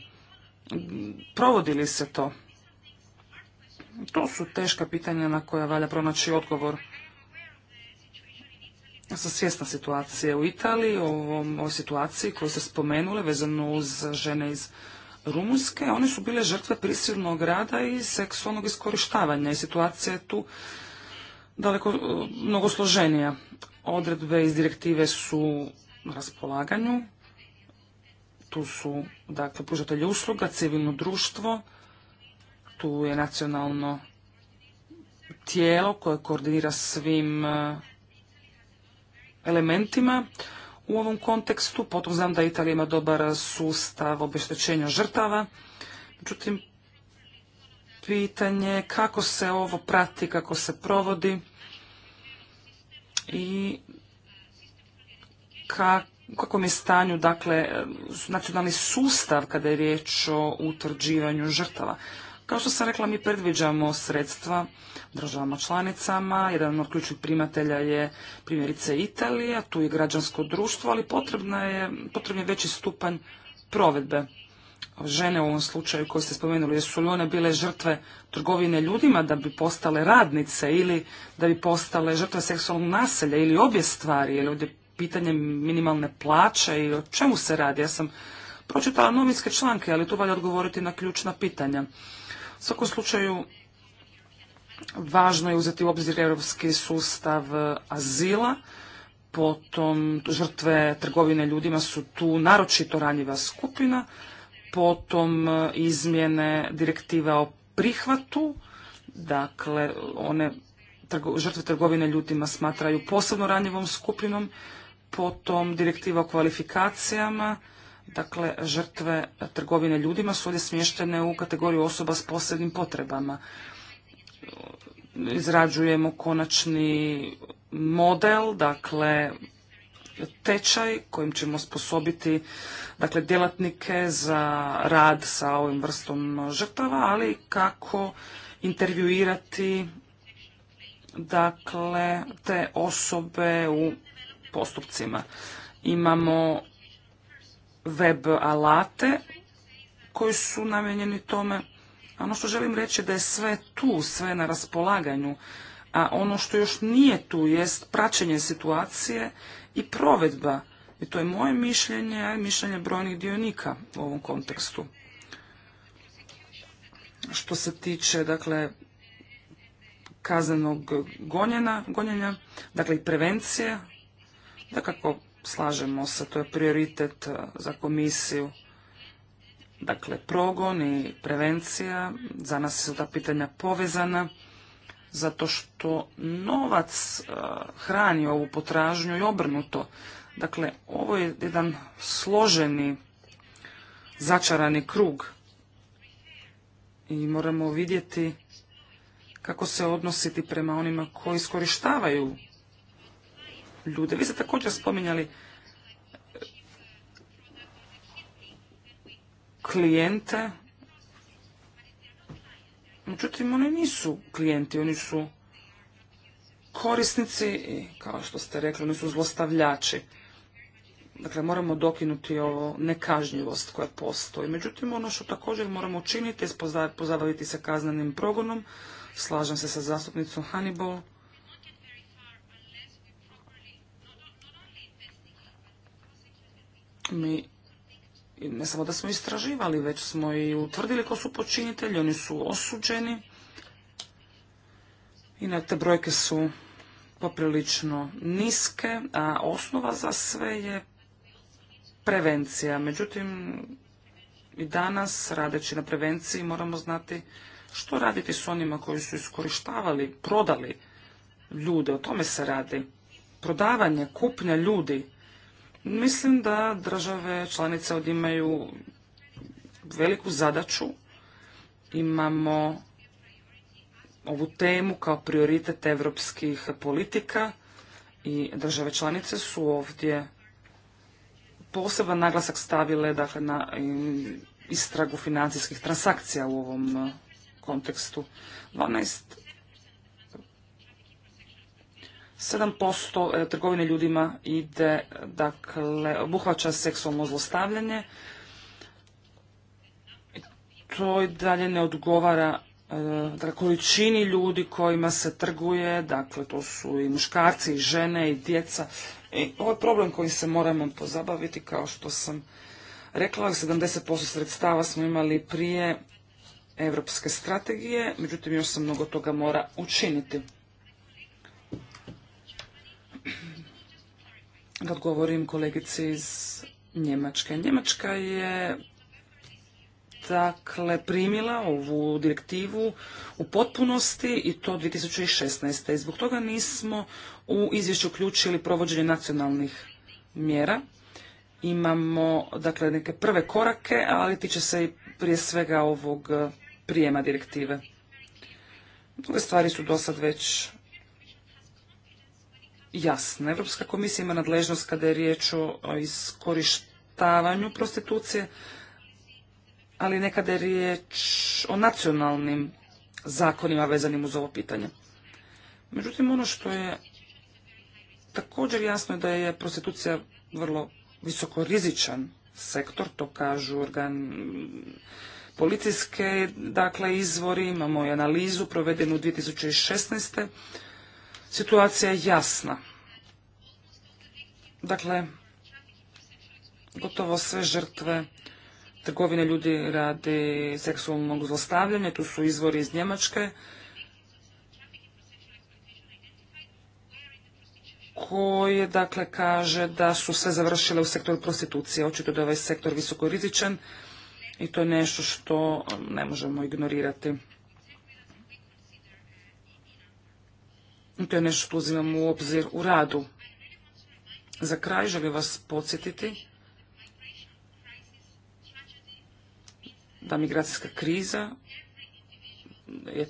Provodi li se to? To su teška pitanja na koja valja pronaći odgovor. Ja sam svjesna situacije u Italiji, o ovoj situaciji koju ste spomenuli vezano uz žene iz Rumunjske. One su bile žrtve prisilnog rada i seksualnog iskorištavanja i situacija je tu daleko e, mnogo složenija. Odredbe iz direktive su na raspolaganju, tu su dakle pružatelji usluga, civilno društvo, tu je nacionalno tijelo koje koordinira svim e, elementima u ovom kontekstu. Potom znam da Italija ima dobar sustav obeštećenja žrtava. Međutim, pitanje kako se ovo prati, kako se provodi i u kakvom je stanju dakle, e, nacionalni sustav kada je riječ o utvrđivanju žrtava. Kao što sam rekla, mi predviđamo sredstva državama članicama. Jedan od ključnih primatelja je primjerice Italija, tu je građansko društvo, ali potrebna je, potrebno je veći stupanj provedbe. Žene u ovom slučaju koje ste spomenuli, jesu li one bile žrtve trgovine ljudima da bi postale radnice ili da bi postale žrtve seksualnog naselja ili obje stvari, ili ovdje pitanje minimalne plaće i o čemu se radi. Ja sam pročitala novinske članke, ali tu valja odgovoriti na ključna pitanja. U svakom slučaju, važno je uzeti u obzir europski sustav e, azila, potom žrtve trgovine ljudima su tu naročito ranjiva skupina, potom e, izmjene direktive o prihvatu, dakle one žrtve trgovine ljudima smatraju posebno ranjivom skupinom, potom direktiva o kvalifikacijama, Dakle, žrtve trgovine ljudima su ovdje smještene u kategoriju osoba s posebnim potrebama. Izrađujemo konačni model, dakle, tečaj kojim ćemo sposobiti dakle, djelatnike za rad sa ovim vrstom žrtava, ali kako intervjuirati dakle, te osobe u postupcima. Imamo web alate koji su namijenjeni tome. ono što želim reći da je sve tu, sve na raspolaganju. A ono što još nije tu jest praćenje situacije i provedba. I to je moje mišljenje, a mišljenje brojnih dionika u ovom kontekstu. Što se tiče, dakle, kaznenog gonjenja, dakle i prevencije, da kako slažemo se, to je prioritet e, za komisiju. Dakle, progon i prevencija, za nas su ta pitanja povezana, zato što novac e, hrani ovu potražnju i obrnuto. Dakle, ovo je jedan složeni, začarani krug i moramo vidjeti kako se odnositi prema onima koji iskorištavaju ljude. Vi ste također spominjali e, klijente. Međutim, oni nisu klijenti, oni su korisnici i, kao što ste rekli, oni su zlostavljači. Dakle, moramo dokinuti ovo nekažnjivost koja postoji. Međutim, ono što također moramo činiti je pozabaviti se kaznenim progonom. Slažem se sa zastupnicom Hannibal. Mi ne samo da smo istraživali, već smo i utvrdili ko su počinitelji, oni su osuđeni. I na te brojke su poprilično niske, a osnova za sve je prevencija. Međutim, i danas, radeći na prevenciji, moramo znati što raditi s onima koji su iskorištavali, prodali ljude. O tome se radi. Prodavanje, kupnja ljudi Mislim da države članice ovdje imaju veliku zadaću. Imamo ovu temu kao prioritet evropskih politika i države članice su ovdje poseban naglasak stavile dakle, na istragu financijskih transakcija u ovom kontekstu. 12 7% e, trgovine ljudima ide, dakle, obuhvaća seksualno zlostavljanje. To i dalje ne odgovara e, dakle, količini ljudi kojima se trguje, dakle, to su i muškarci, i žene, i djeca. I e, ovaj problem koji se moramo pozabaviti, kao što sam rekla, 70% sredstava smo imali prije evropske strategije, međutim još se mnogo toga mora učiniti. da odgovorim kolegici iz Njemačke. Njemačka je dakle primila ovu direktivu u potpunosti i to 2016. I zbog toga nismo u izvješću uključili provođenje nacionalnih mjera. Imamo dakle neke prve korake, ali tiče se i prije svega ovog prijema direktive. Druge stvari su do sad već jasna. Europska komisija ima nadležnost kada je riječ o iskorištavanju prostitucije, ali nekada je riječ o nacionalnim zakonima vezanim uz ovo pitanje. Međutim, ono što je također jasno je da je prostitucija vrlo visoko rizičan sektor, to kažu organ policijske, dakle izvori, imamo i analizu provedenu 2016 situacija je jasna. Dakle, gotovo sve žrtve trgovine ljudi radi seksualnog zlostavljanja, tu su izvori iz Njemačke, koje dakle kaže da su sve završile u sektoru prostitucije. Očito da je ovaj sektor visoko rizičan i to je nešto što ne možemo ignorirati. To je nešto što uzimam u obzir u radu. Za kraj želim vas podsjetiti da migracijska kriza je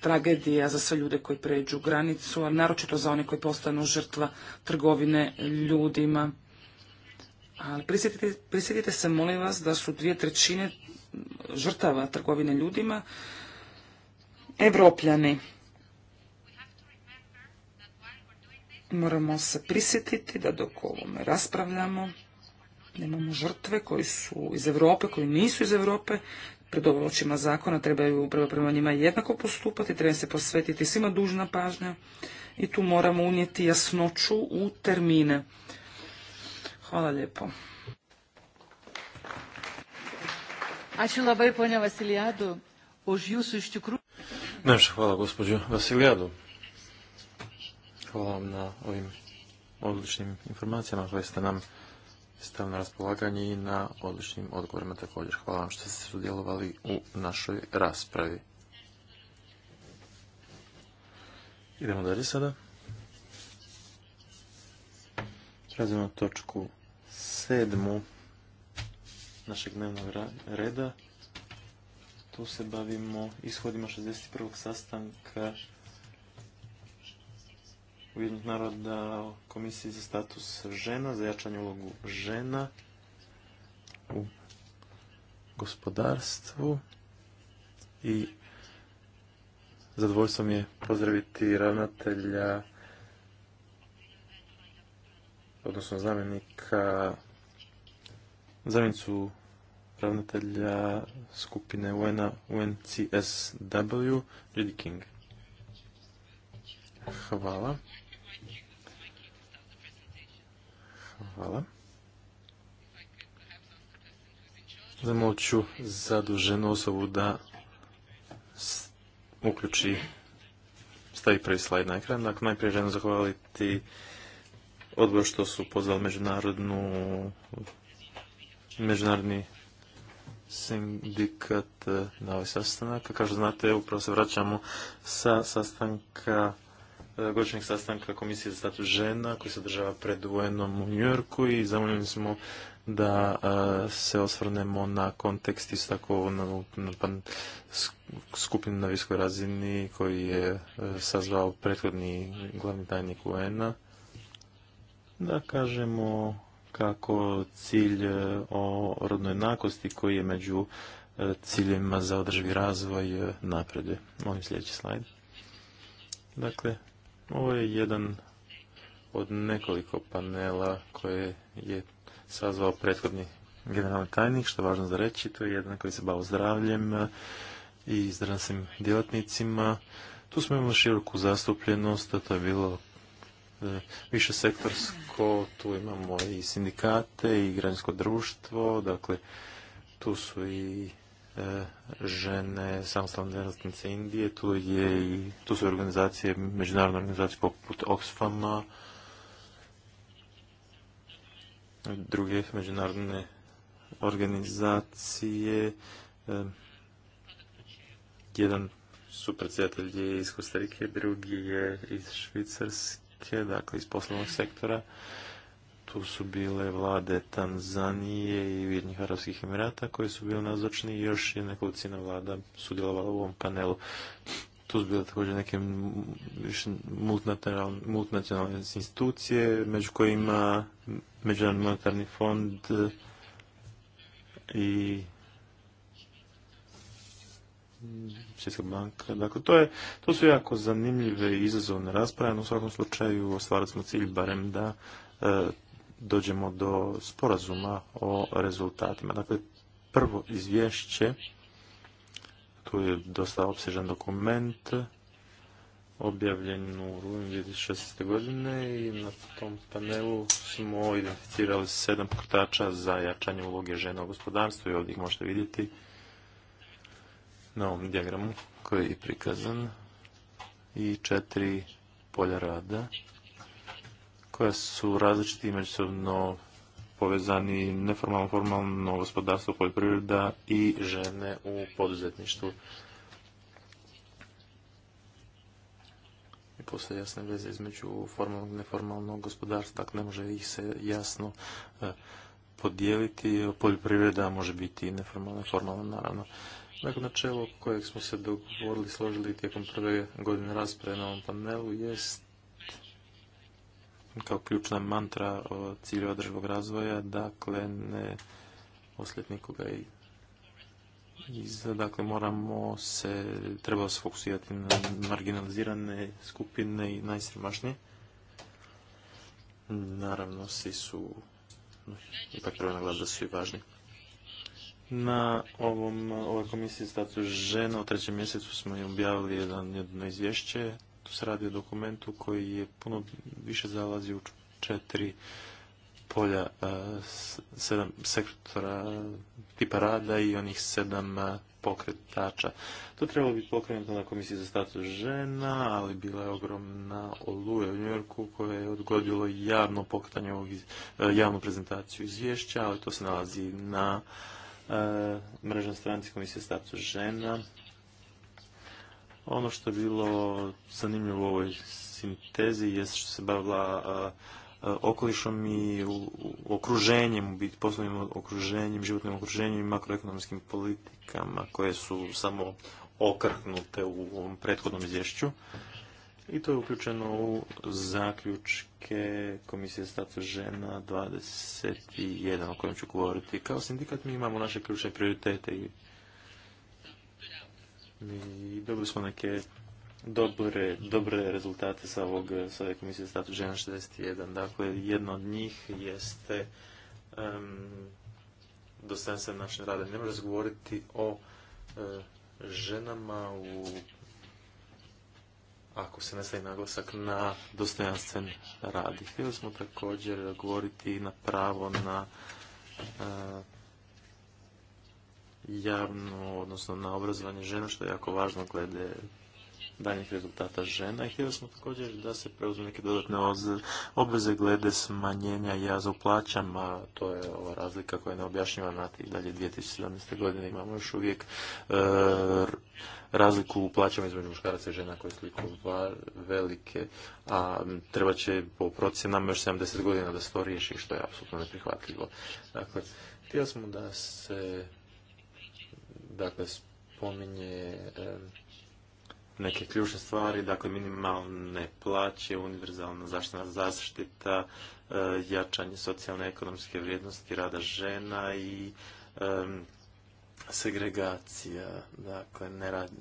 tragedija za sve ljude koji pređu granicu, a naročito za one koji postanu žrtva trgovine ljudima. Ali prisjetite, prisjetite se, molim vas, da su dvije trećine žrtava trgovine ljudima evropljani. Moramo se prisjetiti da dok ovome raspravljamo, nemamo žrtve koji su iz Europe, koji nisu iz Europe, pred očima zakona trebaju upravo prema njima jednako postupati, treba se posvetiti svima dužna pažnja i tu moramo unijeti jasnoću u termine. Hvala lijepo. hvala, gospođo Vasilijadu. Hvala vam na ovim odličnim informacijama koje ste nam stavili na raspolaganje i na odličnim odgovorima također. Hvala vam što ste sudjelovali u našoj raspravi. Idemo dalje sada. Prelazimo na točku sedmu našeg dnevnog reda. Tu se bavimo ishodima 61. sastanka Ujednog naroda o komisiji za status žena, za jačanje ulogu žena u gospodarstvu i zadovoljstvo mi je pozdraviti ravnatelja odnosno zamjenika zamjenicu ravnatelja skupine UN-a UNCSW, Judy King. Hvala. Hvala. Zamolit ću zaduženu osobu da uključi, stavi prvi slajd na ekran. Dakle, najprije želim zahvaliti odbor što su pozvali međunarodnu međunarodni sindikat eh, na ovaj sastanak. Kao što znate, upravo se vraćamo sa sastanka E, godišnjeg sastanka Komisije za status žena koji se održava pred un u i zamoljeni smo da e, se osvrnemo na kontekst isto tako na, pa, skupinu na viskoj razini koji je e, sazvao prethodni glavni tajnik UN-a da kažemo kako cilj o rodnoj jednakosti koji je među ciljima za održivi razvoj napreduje. Molim sljedeći slajd. Dakle, ovo je jedan od nekoliko panela koje je sazvao prethodni generalni tajnik, što je važno za reći, to je jedan koji se bavio zdravljem i zdravstvenim djelatnicima. Tu smo imali široku zastupljenost, to je bilo e, više sektorsko, tu imamo i sindikate i građansko društvo, dakle tu su i E, žene samostalne djelatnice Indije, tu, je i, tu su organizacije, međunarodne organizacije poput Oxfama, druge međunarodne organizacije. E, jedan predsjedatelji je iz Kostarike, drugi je iz Švicarske, dakle iz poslovnog sektora tu su bile vlade Tanzanije i Vjednih Arabskih Emirata koji su bili nazočni i još je nekolicina vlada sudjelovala u ovom panelu. Tu su bile također neke multinacionalne institucije, među kojima Međunarodni monetarni fond i Svjetska banka. Dakle, to, je, to su jako zanimljive i izazovne rasprave, no u svakom slučaju ostvarili smo cilj barem da e, dođemo do sporazuma o rezultatima. Dakle, prvo izvješće, tu je dosta opsežan dokument, objavljen u rujnu 2016. godine i na tom panelu smo identificirali sedam pokretača za jačanje uloge žena u gospodarstvu i ovdje ih možete vidjeti na ovom dijagramu koji je prikazan i četiri polja rada koja su različiti međusobno povezani neformalno, formalno gospodarstvo, poljoprivreda i žene u poduzetništvu. I postoje jasne veze između formalno i neformalnog gospodarstva, ne može ih se jasno e, podijeliti. Poljoprivreda može biti neformalno i formalna, naravno. Dakle, načelo kojeg smo se dogovorili, složili tijekom prve godine rasprave na ovom panelu jest kao ključna mantra o ciljeva održivog razvoja, dakle ne oslijed nikoga. i dakle moramo se, treba se fokusirati na marginalizirane skupine i najsiromašnije. Naravno, svi su, ipak treba naglas da su i važni. Na ovom, ovoj komisiji status žena u trećem mjesecu smo i objavili jedan, jedno izvješće tu se radi o dokumentu koji je puno više zalazi u četiri polja e, sedam sektora tipa rada i onih sedam e, pokretača. To trebalo biti pokrenuto na komisiji za status žena, ali bila je ogromna oluja u Njorku koja je odgodilo javno pokretanje ovog, e, javnu prezentaciju izvješća, ali to se nalazi na mrežnoj stranici komisije za status žena. Ono što je bilo zanimljivo u ovoj sintezi je što se bavila okolišom i okruženjem, biti poslovnim okruženjem, životnim okruženjem i makroekonomskim politikama koje su samo okrhnute u ovom prethodnom izvješću. I to je uključeno u zaključke Komisije status žena 21 o kojem ću govoriti. Kao sindikat mi imamo naše ključne prioritete i i dobili smo neke dobre, dobre rezultate sa ovog sa ove komisije status žena 61. Dakle, jedno od njih jeste um, način rada. Ne razgovoriti o e, ženama u ako se ne stavi naglasak na dostojanstven radi. Htjeli smo također govoriti na pravo na e, javno, odnosno na obrazovanje žena, što je jako važno glede daljnjih rezultata žena. I htjeli smo također da se preuzme neke dodatne obveze glede smanjenja jaza u plaćama. To je ova razlika koja je na i dalje 2017. godine. Imamo još uvijek e, razliku u plaćama između muškaraca i žena koje su velike, a treba će po procjenama još 70 godina da se to riješi, što je apsolutno neprihvatljivo. Dakle, htjeli smo da se dakle, spominje neke ključne stvari, dakle minimalne plaće, univerzalna zaštitna zaštita, e, jačanje socijalne ekonomske vrijednosti rada žena i segregacija, dakle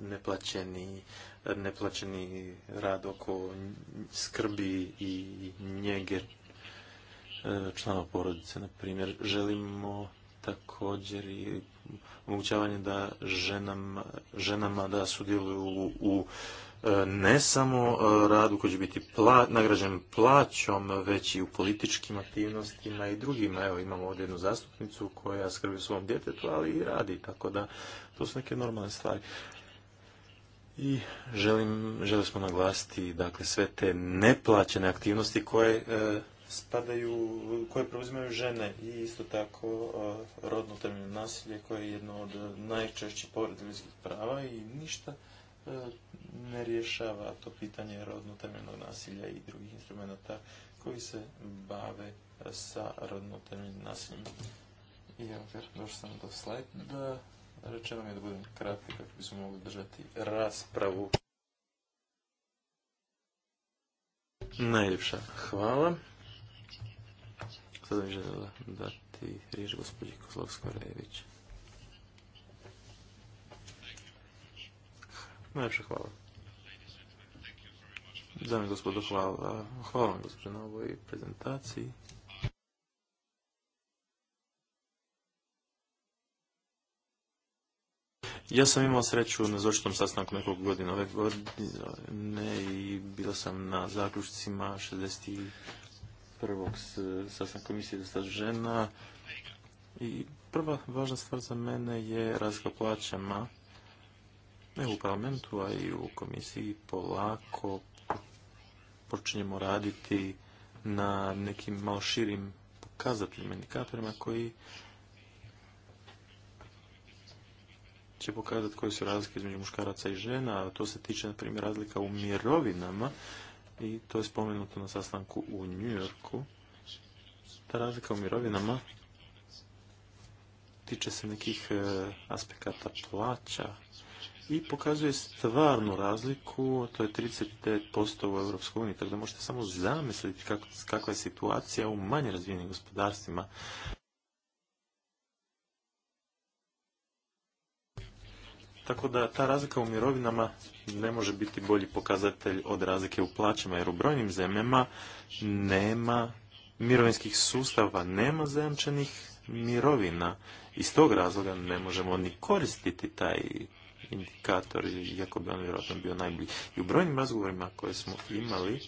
neplaćeni, neplaćeni rad oko skrbi i njege e, članova porodice, na primjer. Želimo također i omogućavanje da ženama, ženama da sudjeluju u, u e, ne samo e, radu koji će biti pla, nagrađen plaćom, već i u političkim aktivnostima i drugima. Evo imamo ovdje jednu zastupnicu koja skrbi svom djetetu, ali i radi, tako da to su neke normalne stvari. I želim, želim smo naglasiti dakle, sve te neplaćene aktivnosti koje e, spadaju, koje preuzimaju žene i isto tako rodno temeljno nasilje koje je jedno od e, najčešćih povreda ljudskih prava i ništa e, ne rješava to pitanje rodno temeljnog nasilja i drugih instrumenta koji se bave e, sa rodno temeljnim nasiljem. I evo, došao sam do slajda. Rečeno mi je da budem kratki kako bismo mogli držati raspravu. Najljepša hvala sada bih željela dati riječ gospođi Kozlovsko-Rejević. Najljepše hvala. Dame gospodo, hvala. Hvala vam gospođo na ovoj prezentaciji. Ja sam imao sreću na zvršnom sastanku nekoliko godina ove godine i bila sam na zaključcima 60 prvog sastanka komisije dosta žena i prva važna stvar za mene je razlika plaćama ne u parlamentu, a i u komisiji polako počinjemo raditi na nekim malo širim pokazateljima, indikatorima koji će pokazati koje su razlike između muškaraca i žena, a to se tiče, na primjer, razlika u mirovinama, i to je spomenuto na sastanku u Njujorku. Ta razlika u mirovinama tiče se nekih e, aspekata plaća i pokazuje stvarnu razliku, to je 35% u EU, tako da možete samo zamisliti kakva je situacija u manje razvijenim gospodarstvima. Tako da ta razlika u mirovinama ne može biti bolji pokazatelj od razlike u plaćama, jer u brojnim zemljama nema mirovinskih sustava, nema zajamčenih mirovina. Iz tog razloga ne možemo ni koristiti taj indikator, iako bi on vjerojatno bio najbolji. I u brojnim razgovorima koje smo imali,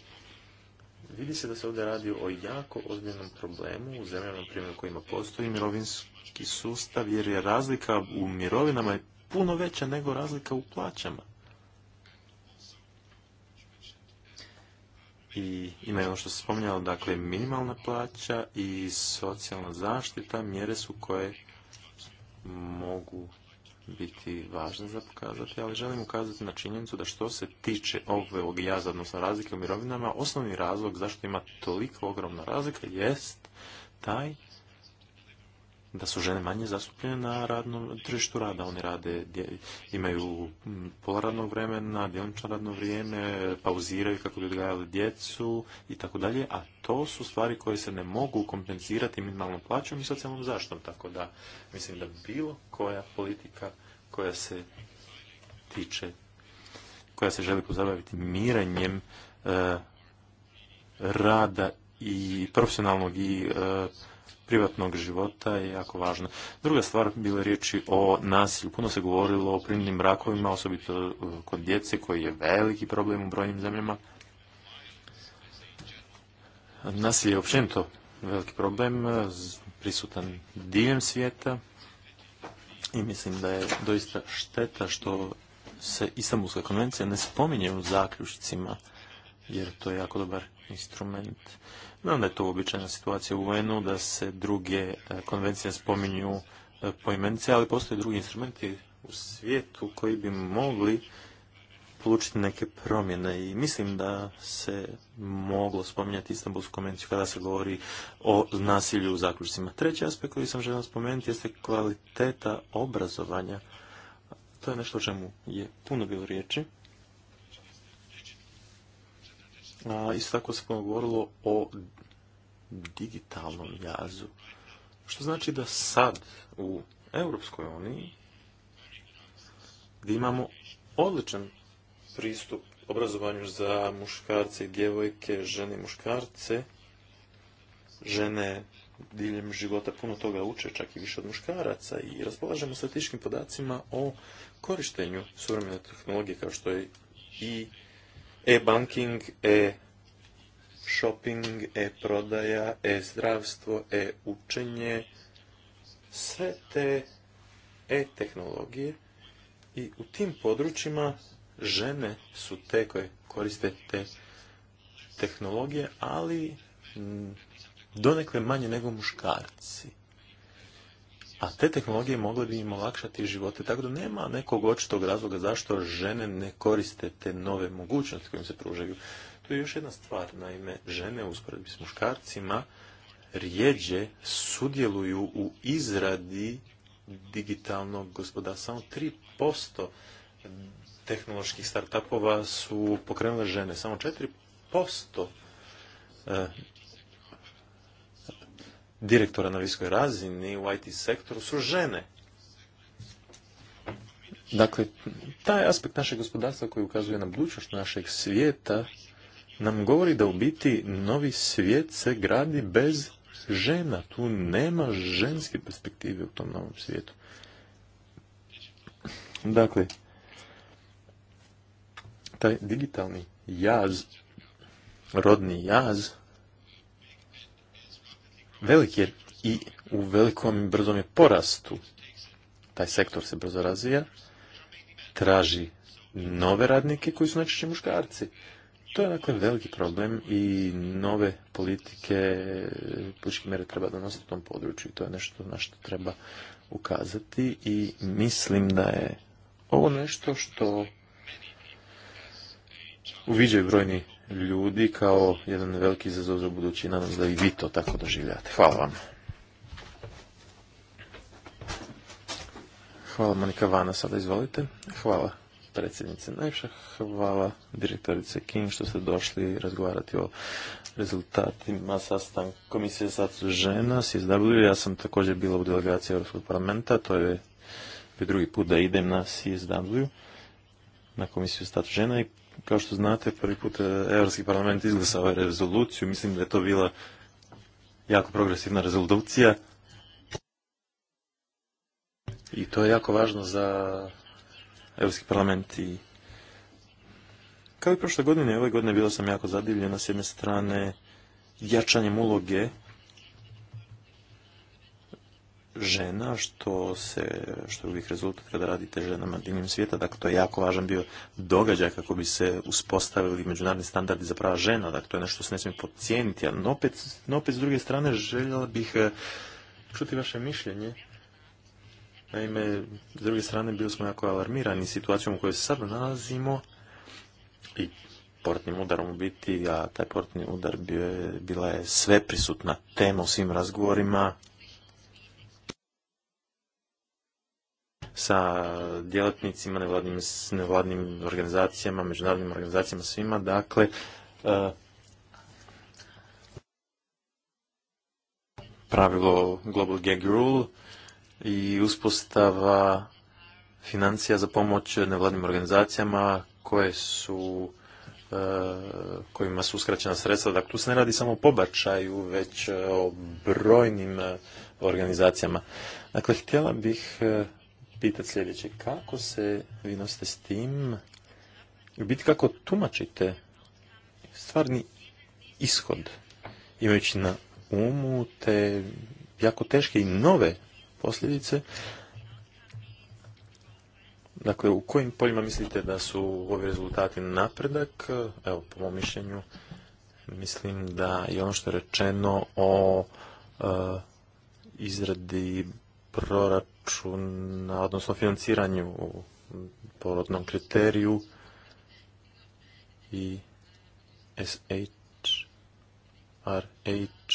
vidi se da se ovdje radi o jako ozbiljnom problemu u zemljama, na primjer, u kojima postoji mirovinski sustav, jer je razlika u mirovinama puno veća nego razlika u plaćama. I ima ono što se spominjalo, dakle minimalna plaća i socijalna zaštita, mjere su koje mogu biti važne za pokazati, ali želim ukazati na činjenicu da što se tiče ovog jaza, odnosno razlike u mirovinama, osnovni razlog zašto ima toliko ogromna razlika jest taj da su žene manje zastupljene na radnom tržištu rada. Oni rade, imaju pola radnog vremena, djelomično radno vrijeme, pauziraju kako bi odgajali djecu i tako dalje, a to su stvari koje se ne mogu kompenzirati minimalnom plaćom i socijalnom zaštom, tako da mislim da bilo koja politika koja se tiče, koja se želi pozabaviti miranjem eh, rada i profesionalnog i eh, privatnog života je jako važna. Druga stvar bila riječi o nasilju. Puno se govorilo o primljenim brakovima, osobito e, kod djece, koji je veliki problem u brojnim zemljama. Nasilje je općenito veliki problem, e, prisutan diljem svijeta i mislim da je doista šteta što se Istanbulska konvencija ne spominje u zaključcima, jer to je jako dobar instrument. Znam da je to uobičajena situacija u UN-u, da se druge e, konvencije spominju e, po imenice, ali postoje drugi instrumenti u svijetu koji bi mogli polučiti neke promjene i mislim da se moglo spominjati Istanbulsku konvenciju kada se govori o nasilju u zaključcima. Treći aspekt koji sam želio spomenuti jeste kvaliteta obrazovanja. To je nešto o čemu je puno bilo riječi isto tako se puno govorilo o digitalnom jazu. Što znači da sad u Europskoj uniji gdje imamo odličan pristup obrazovanju za muškarce i djevojke, žene i muškarce, žene diljem života puno toga uče, čak i više od muškaraca i raspolažemo statističkim podacima o korištenju suvremene tehnologije kao što je i e-banking, e-shopping, e-prodaja, e-zdravstvo, e-učenje, sve te e-tehnologije i u tim područjima žene su te koje koriste te tehnologije, ali donekle manje nego muškarci. A te tehnologije mogle bi im olakšati živote, tako da nema nekog očitog razloga zašto žene ne koriste te nove mogućnosti kojim se pružaju. Tu je još jedna stvar, naime, žene usporedbi s muškarcima rijeđe sudjeluju u izradi digitalnog gospodarstva. Samo 3% tehnoloških startupova su pokrenule žene, samo 4% direktora na viskoj razini u IT sektoru su žene. Dakle, taj aspekt našeg gospodarstva koji ukazuje na budućnost našeg svijeta nam govori da u biti novi svijet se gradi bez žena. Tu nema ženske perspektive u tom novom svijetu. Dakle, taj digitalni jaz, rodni jaz, velik je i u velikom i brzom je porastu. Taj sektor se brzo razvija, traži nove radnike koji su najčešće muškarci. To je dakle veliki problem i nove politike, političke mjere treba donositi u tom području i to je nešto na što treba ukazati i mislim da je ovo nešto što uviđaju brojni ljudi kao jedan veliki izazov za budući. Nadam se da i vi to tako doživljate. Hvala vam. Hvala Monika Vana, sada izvolite. Hvala predsjednice Najviše. Hvala direktorice King što ste došli razgovarati o rezultatima sastan komisije za žena CSW. Ja sam također bila u delegaciji Europskog parlamenta, to je drugi put da idem na CSW na komisiju statu žena i kao što znate, prvi put e, Europski parlament izglasao ovaj rezoluciju. Mislim da je to bila jako progresivna rezolucija. I to je jako važno za Europski parlament i kao i prošle godine, ove godine bila sam jako zadivljena s jedne strane jačanjem uloge žena, što, se, što je uvijek rezultat kada radite ženama diljem svijeta. Dakle, to je jako važan bio događaj kako bi se uspostavili međunarodni standardi za prava žena. Dakle, to je nešto se ne smije podcijeniti. Ali opet, opet, s druge strane, željela bih eh, čuti vaše mišljenje. Naime, s druge strane, bili smo jako alarmirani situacijom u kojoj se sad nalazimo i portnim udarom u biti, a taj portni udar je, bila je sveprisutna tema u svim razgovorima, sa djelatnicima, nevladnim, nevladnim organizacijama, međunarodnim organizacijama, svima. Dakle, e, pravilo Global Gag Rule i uspostava financija za pomoć nevladnim organizacijama koje su e, kojima su uskraćena sredstva. Dakle, tu se ne radi samo o pobačaju, već e, o brojnim organizacijama. Dakle, htjela bih pitati sljedeće. Kako se vi nosite s tim? U biti kako tumačite stvarni ishod imajući na umu te jako teške i nove posljedice. Dakle, u kojim poljima mislite da su ovi rezultati napredak? Evo, po mom mišljenju, mislim da je ono što je rečeno o e, izradi proračuna, odnosno financiranju u porodnom kriteriju i SH, RH.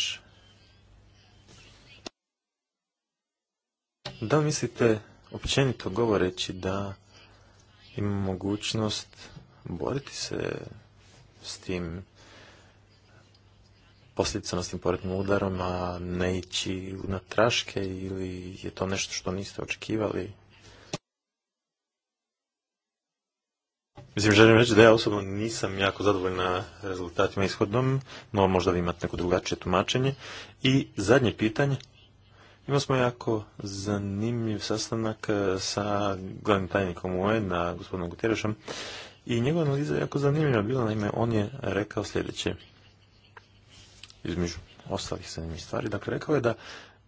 Da mislite, općenito govoreći, da ima mogućnost boriti se s tim tim poretnim udarom, a ne ići na traške ili je to nešto što niste očekivali? Mislim, želim reći da ja osobno nisam jako zadovoljna rezultatima ishodom, no možda vi imate neko drugačije tumačenje. I zadnje pitanje. Imali smo jako zanimljiv sastanak e, sa glavnim tajnikom un e na gospodinom i njegova analiza je jako zanimljiva bila, naime, on je rekao sljedeće između ostalih zanimljivih stvari. Dakle, rekao je da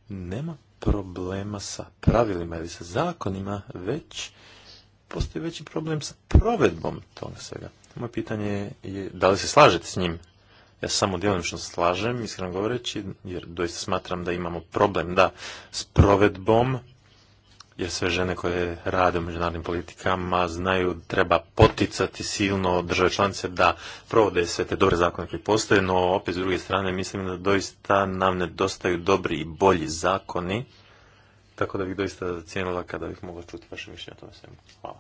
nema problema sa pravilima ili sa zakonima, već postoji veći problem sa provedbom toga svega. Moje pitanje je da li se slažete s njim? Ja samo djelomično slažem, iskreno govoreći, jer doista smatram da imamo problem da s provedbom jer sve žene koje rade u međunarodnim politikama znaju treba poticati silno države članice da provode sve te dobre zakone koje postoje, no opet s druge strane mislim da doista nam nedostaju dobri i bolji zakoni, tako da bih doista cijenila kada bih mogla čuti vaše mišljenje o tome svemu. Hvala.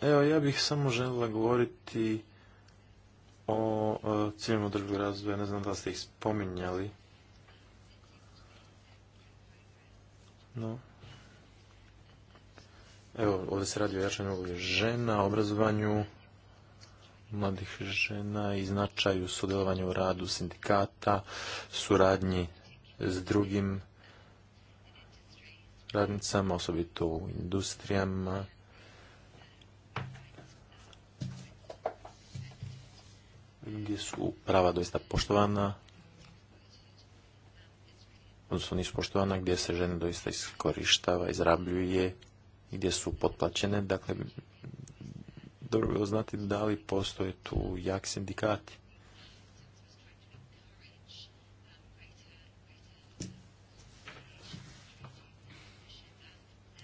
Evo, ja bih samo želila govoriti o ciljevima održivog razvoja, ne znam da ste ih spominjali. No. Evo, ovdje se radi o jačanju uloge žena, obrazovanju mladih žena i značaju sudjelovanja u radu sindikata, suradnji s drugim radnicama, osobito u industrijama gdje su prava doista poštovana, odnosno nisu poštovana, gdje se žene doista iskorištava, izrabljuje i gdje su potplaćene. Dakle, dobro bi znati da li postoje tu jak sindikati.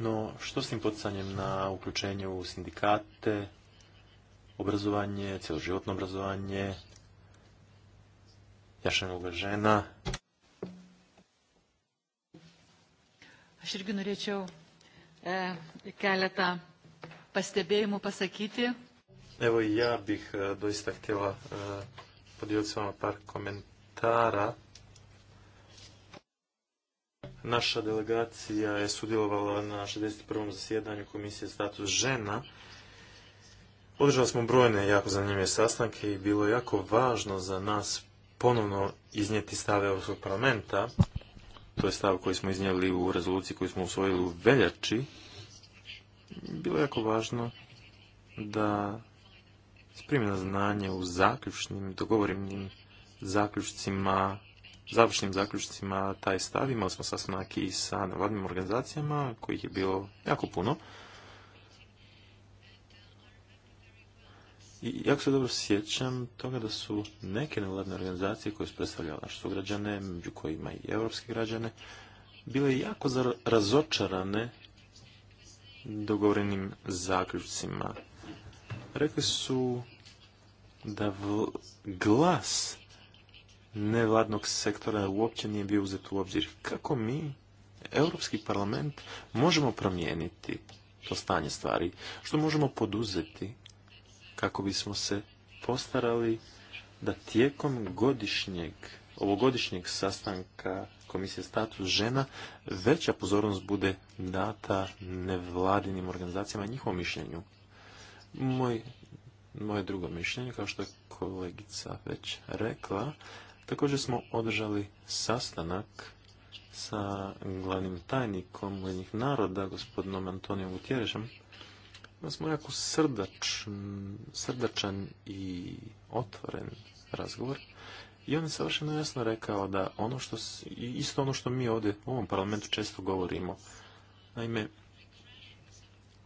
No, što s tim poticanjem na uključenje u sindikate, obrazovanje, cjeloživotno obrazovanje, jašanje uloga žena. Aš irgi norėčiau e, keletą pastebėjimų pasakyti. Evo i ja bih e, doista htjela e, podijeliti s vama par komentara. Naša delegacija je sudjelovala na 61. zasjedanju Komisije status žena Održali smo brojne jako zanimljive sastanke i bilo je jako važno za nas ponovno iznijeti stave Europskog parlamenta. To je stav koji smo iznijeli u rezoluciji koju smo usvojili u veljači. Bilo je jako važno da na znanje u zaključnim, dogovorenim zaključcima, završnim zaključcima taj stav. Imali smo sastanak i sa nevladnim organizacijama, kojih je bilo jako puno. I jako se dobro sjećam toga da su neke nevladne organizacije koje su predstavljale naše sugrađane, među kojima i europske građane, bile jako razočarane dogovorenim zaključcima. Rekli su da glas nevladnog sektora uopće nije bio uzet u obzir. Kako mi, Europski parlament, možemo promijeniti to stanje stvari? Što možemo poduzeti kako bismo se postarali da tijekom godišnjeg, ovogodišnjeg sastanka Komisije status žena veća pozornost bude data nevladinim organizacijama i njihovom mišljenju. Moj, moje drugo mišljenje, kao što je kolegica već rekla, također smo održali sastanak sa glavnim tajnikom Ujedinjenih naroda, gospodinom Antonijom Gutjerežem, Imali smo jako srdačan i otvoren razgovor. I on je savršeno jasno rekao da ono što, isto ono što mi ovdje u ovom parlamentu često govorimo, naime,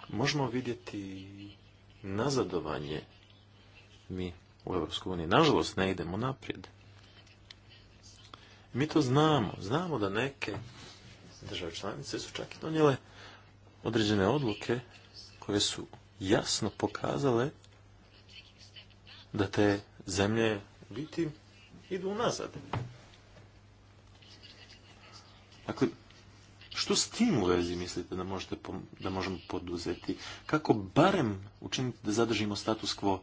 možemo vidjeti nazadovanje mi u EU. Nažalost, ne idemo naprijed. Mi to znamo. Znamo da neke države članice su čak i donijele određene odluke koje su jasno pokazale da te zemlje biti idu nazad. Dakle, što s tim u vezi mislite da, da možemo poduzeti? Kako barem učiniti da zadržimo status quo?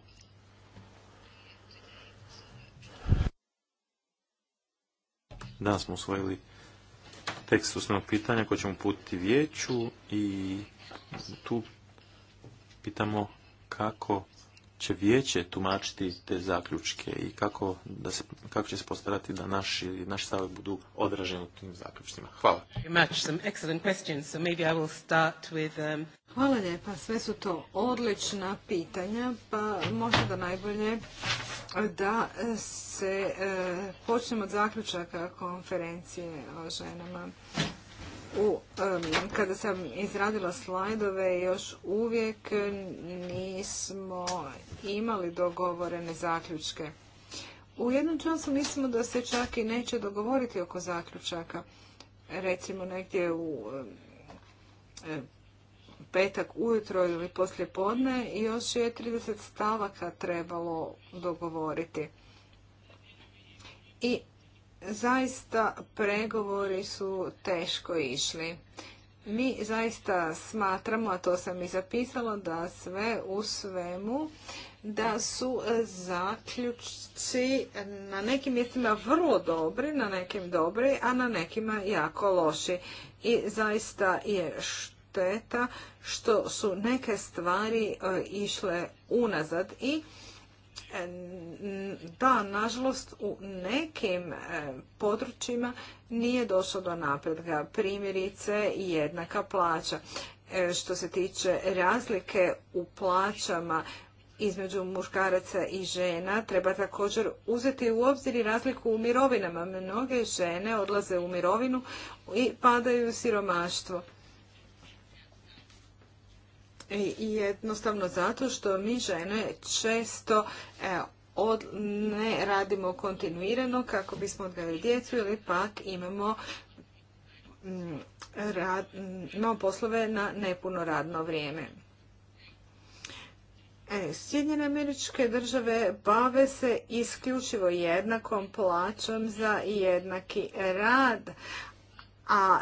Danas smo usvojili tekst osnovnog pitanja koje ćemo putiti vijeću i tu pitamo kako će vijeće tumačiti te zaključke i kako, da se, kako će se postarati da naši, naši budu odraženi u tim zaključcima. Hvala. Um, Hvala lijepa. Sve su to odlična pitanja, pa možda da najbolje e, da se e, počnemo od zaključaka konferencije o ženama u, kada sam izradila slajdove još uvijek nismo imali dogovorene zaključke. U jednom času mislimo da se čak i neće dogovoriti oko zaključaka. Recimo negdje u petak ujutro ili poslije podne još je 30 stavaka trebalo dogovoriti. I zaista pregovori su teško išli. Mi zaista smatramo, a to sam i zapisala, da sve u svemu, da su zaključci na nekim mjestima vrlo dobri, na nekim dobri, a na nekima jako loši. I zaista je šteta što su neke stvari e, išle unazad i da, nažalost, u nekim e, područjima nije došlo do napretka. Primjerice, jednaka plaća. E, što se tiče razlike u plaćama između muškaraca i žena treba također uzeti u obzir i razliku u mirovinama. Mnoge žene odlaze u mirovinu i padaju u siromaštvo. E, jednostavno zato što mi žene često e, od, ne radimo kontinuirano kako bismo odgajali djecu ili pak imamo mm, poslove na nepuno radno vrijeme. E, Sjedinjene američke države bave se isključivo jednakom plaćom za jednaki rad, a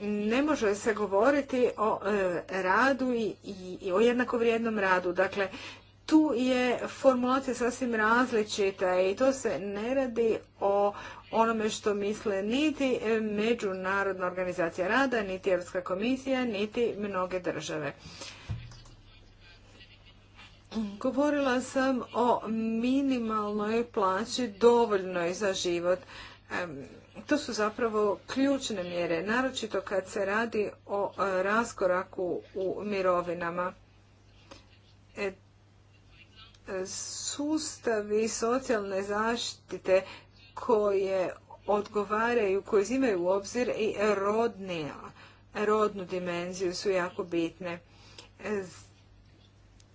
ne može se govoriti o e, radu i, i o jednakovrijednom radu. Dakle, tu je formulacija sasvim različita i to se ne radi o onome što misle niti e, Međunarodna organizacija rada, niti Europska komisija, niti mnoge države. Govorila sam o minimalnoj plaći dovoljnoj za život to su zapravo ključne mjere, naročito kad se radi o e, raskoraku u mirovinama. E, sustavi socijalne zaštite koje odgovaraju, koje uzimaju u obzir i rodne, rodnu dimenziju su jako bitne. E,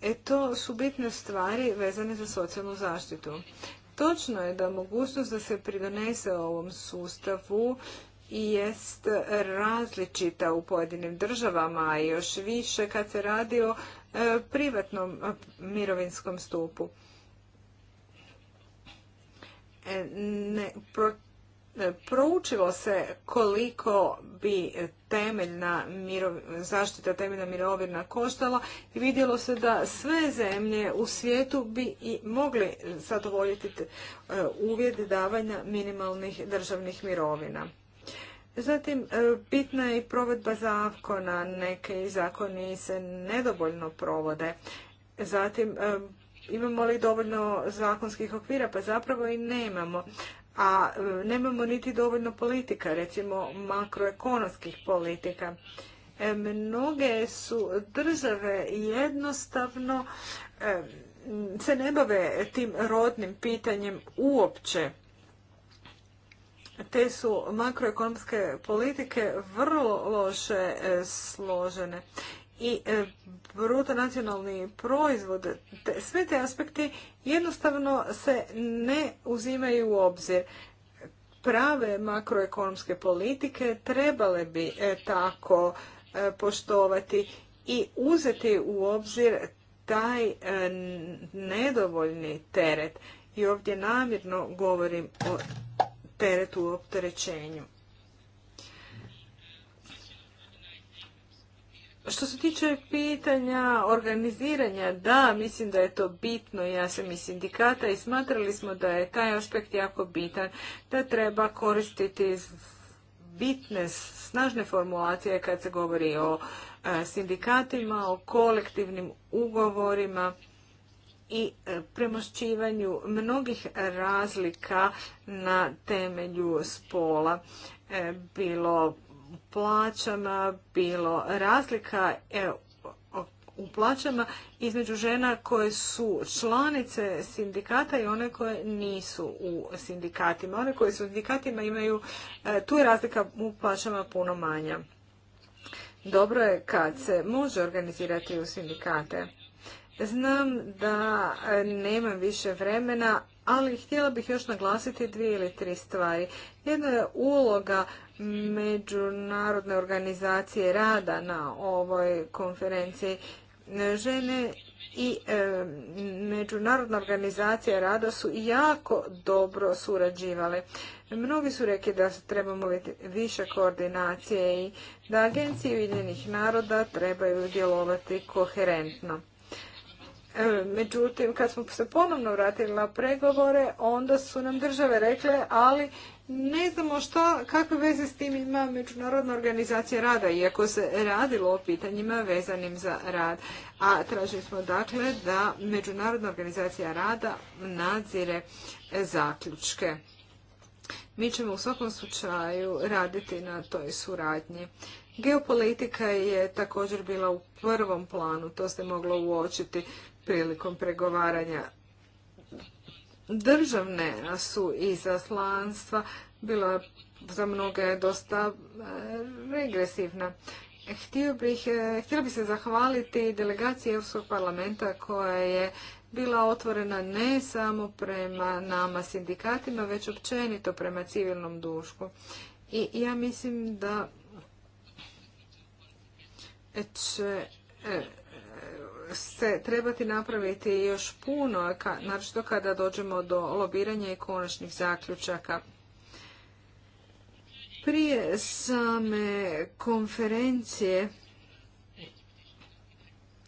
e, to su bitne stvari vezane za socijalnu zaštitu. Točno je da mogućnost da se pridonese ovom sustavu i jest različita u pojedinim državama, a još više kad se radi o e, privatnom e, mirovinskom stupu. E, E, proučilo se koliko bi temeljna zaštita temeljna mirovina koštala i vidjelo se da sve zemlje u svijetu bi i mogli zadovoljiti e, uvjet davanja minimalnih državnih mirovina. Zatim, e, bitna je i provedba zakona. Neki zakoni se nedovoljno provode. Zatim, imamo li dovoljno zakonskih okvira? Pa zapravo i nemamo a e, nemamo niti dovoljno politika, recimo makroekonomskih politika. E, mnoge su države jednostavno e, se ne bave tim rodnim pitanjem uopće. Te su makroekonomske politike vrlo loše složene i e, bruto nacionalni proizvod, sve te aspekti jednostavno se ne uzimaju u obzir. Prave makroekonomske politike trebale bi e, tako e, poštovati i uzeti u obzir taj nedovoljni teret. I ovdje namjerno govorim o teretu u opterećenju. Što se tiče pitanja organiziranja, da, mislim da je to bitno. Ja sam iz sindikata i smatrali smo da je taj aspekt jako bitan, da treba koristiti bitne, snažne formulacije kad se govori o e, sindikatima, o kolektivnim ugovorima i e, premošćivanju mnogih razlika na temelju spola, e, bilo plaćama bilo razlika e, u plaćama između žena koje su članice sindikata i one koje nisu u sindikatima. One koje su u sindikatima imaju, e, tu je razlika u plaćama puno manja. Dobro je kad se može organizirati u sindikate. Znam da e, nemam više vremena, ali htjela bih još naglasiti dvije ili tri stvari. Jedna je uloga međunarodne organizacije rada na ovoj konferenciji. Žene i e, međunarodna organizacija rada su jako dobro surađivale. Mnogi su rekli da trebamo više koordinacije i da agencije Ujedinjenih naroda trebaju djelovati koherentno. E, međutim, kad smo se ponovno vratili na pregovore, onda su nam države rekle, ali ne znamo šta, kakve veze s tim ima Međunarodna organizacija rada, iako se radilo o pitanjima vezanim za rad. A tražili smo dakle da Međunarodna organizacija rada nadzire zaključke. Mi ćemo u svakom slučaju raditi na toj suradnji. Geopolitika je također bila u prvom planu, to se moglo uočiti prilikom pregovaranja državne su izaslanstva bila za mnoge dosta e, regresivna. Htio bih, e, htjela bih se zahvaliti delegaciji Europskog parlamenta koja je bila otvorena ne samo prema nama sindikatima, već općenito prema civilnom dušku. I ja mislim da će e, se trebati napraviti još puno, naročito kada dođemo do lobiranja i konačnih zaključaka. Prije same konferencije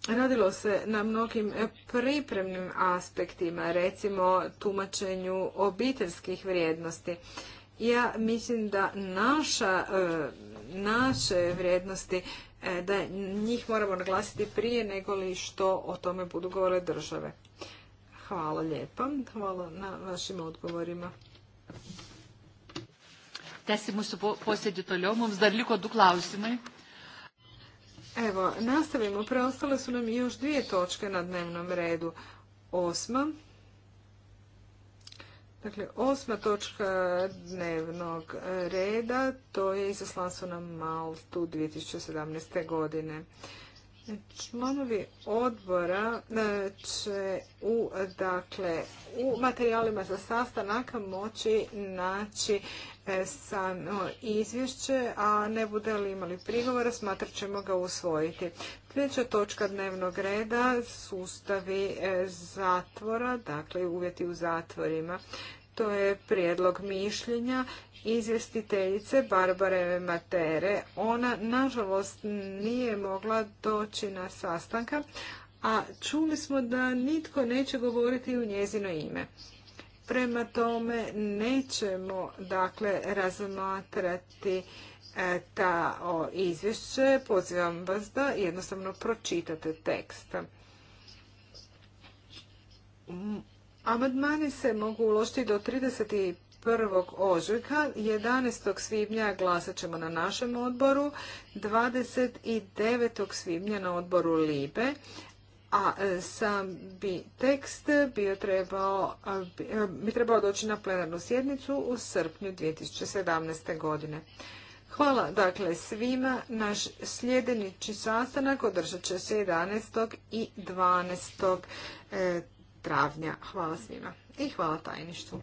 radilo se na mnogim pripremnim aspektima, recimo tumačenju obiteljskih vrijednosti. Ja mislim da naša, e, naše vrijednosti E, da njih moramo naglasiti prije nego li što o tome budu govore države. Hvala lijepa. Hvala na vašim odgovorima. da se Evo, nastavimo. Preostale su nam još dvije točke na dnevnom redu. Osma. Dakle, osma točka dnevnog reda, to je izaslanstvo na Maltu 2017. godine. Članovi odbora e, će u, dakle, u materijalima za sastanak moći naći e, samo izvješće, a ne bude li imali prigovora, smatrat ćemo ga usvojiti. Sljedeća točka dnevnog reda, sustavi e, zatvora, dakle uvjeti u zatvorima. To je prijedlog mišljenja izvjestiteljice Barbare Matere. Ona, nažalost, nije mogla doći na sastanka, a čuli smo da nitko neće govoriti u njezino ime. Prema tome nećemo dakle razmatrati e, ta o, izvješće. Pozivam vas da jednostavno pročitate tekst. Amandmani se mogu uložiti do 31. ožujka, 11. svibnja glasat ćemo na našem odboru, 29. svibnja na odboru Libe, a e, sam bi tekst bio trebao, e, bi trebao doći na plenarnu sjednicu u srpnju 2017. godine. Hvala dakle svima. Naš sljedeći sastanak održat će se 11. i 12 travnja. Hvala svima i hvala tajništvu.